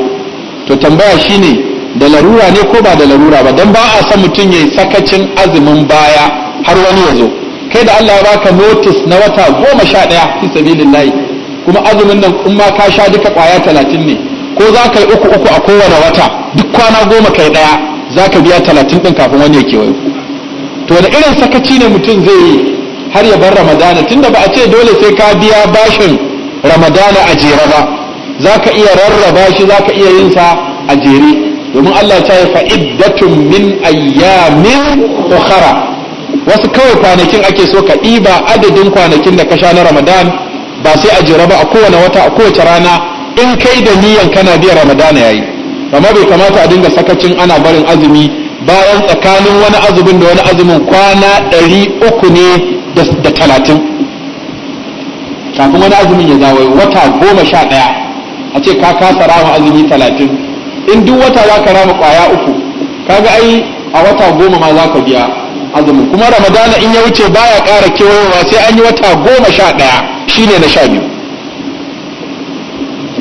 to tambaya shine da larura ne ko ba da larura ba don ba a san mutum ya yi sakacin azumin baya har wani ya zo kai da Allah ya baka notice na wata goma sha ɗaya fi sabilillahi kuma azumin nan in ma ka sha duka kwaya talatin ne ko za ka yi uku uku a kowane wata duk kwana goma kai ɗaya za ka biya talatin ɗin kafin wani ya kewaye to da irin sakaci ne mutum zai yi har ya bar ramadana da ba a ce dole sai ka biya bashin ramadana a jere ba za ka iya rarraba shi za ka iya yin sa a jere domin Allah ta yi fa'iddatun min ayyamin ukhra wasu kawai kwanakin ake so ka ɗiba adadin kwanakin da ka sha na ramadan ba sai a jira ba a kowane wata a kowace rana in kai da niyan kana biya ramadana yayi amma bai kamata a dinga sakacin ana barin azumi bayan tsakanin wani azumin da wani azumin kwana ɗari uku ne da talatin kafin wani azumin ya zawai wata goma sha ɗaya a ce ka kasa rama azumi talatin in duk wata za ka rama ƙwaya uku kaga ai a wata goma ma za ka biya azumi kuma ramadana in ya wuce baya ƙara kewayowa sai an yi wata goma sha ɗaya shine na sha biyu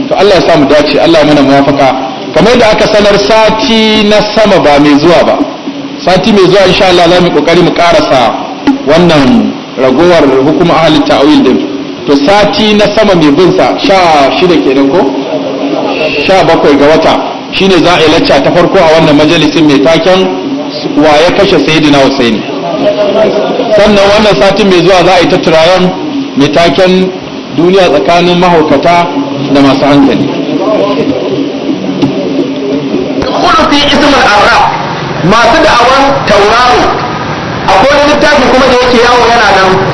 to Allah ya sa mu dace Allah ya mana muwafaka kamar da aka sanar sati na sama ba mai zuwa ba sati mai zuwa insha Allah za mu kokari mu karasa wannan ragowar hukum ahli ta'awil din to sati na sama mai bin sa sha shida kenan ko sha bakwai ga wata shine za a yi lacca ta farko a wannan majalisin mai taken wa ya kashe sayyidina Husaini sannan wannan satin mai zuwa za a yi ta turayen mai taken duniya tsakanin mahaukata da masu hankali kurufi ismul arab masu da'awar tauraro akwai wani littafi kuma da yake yawo yana nan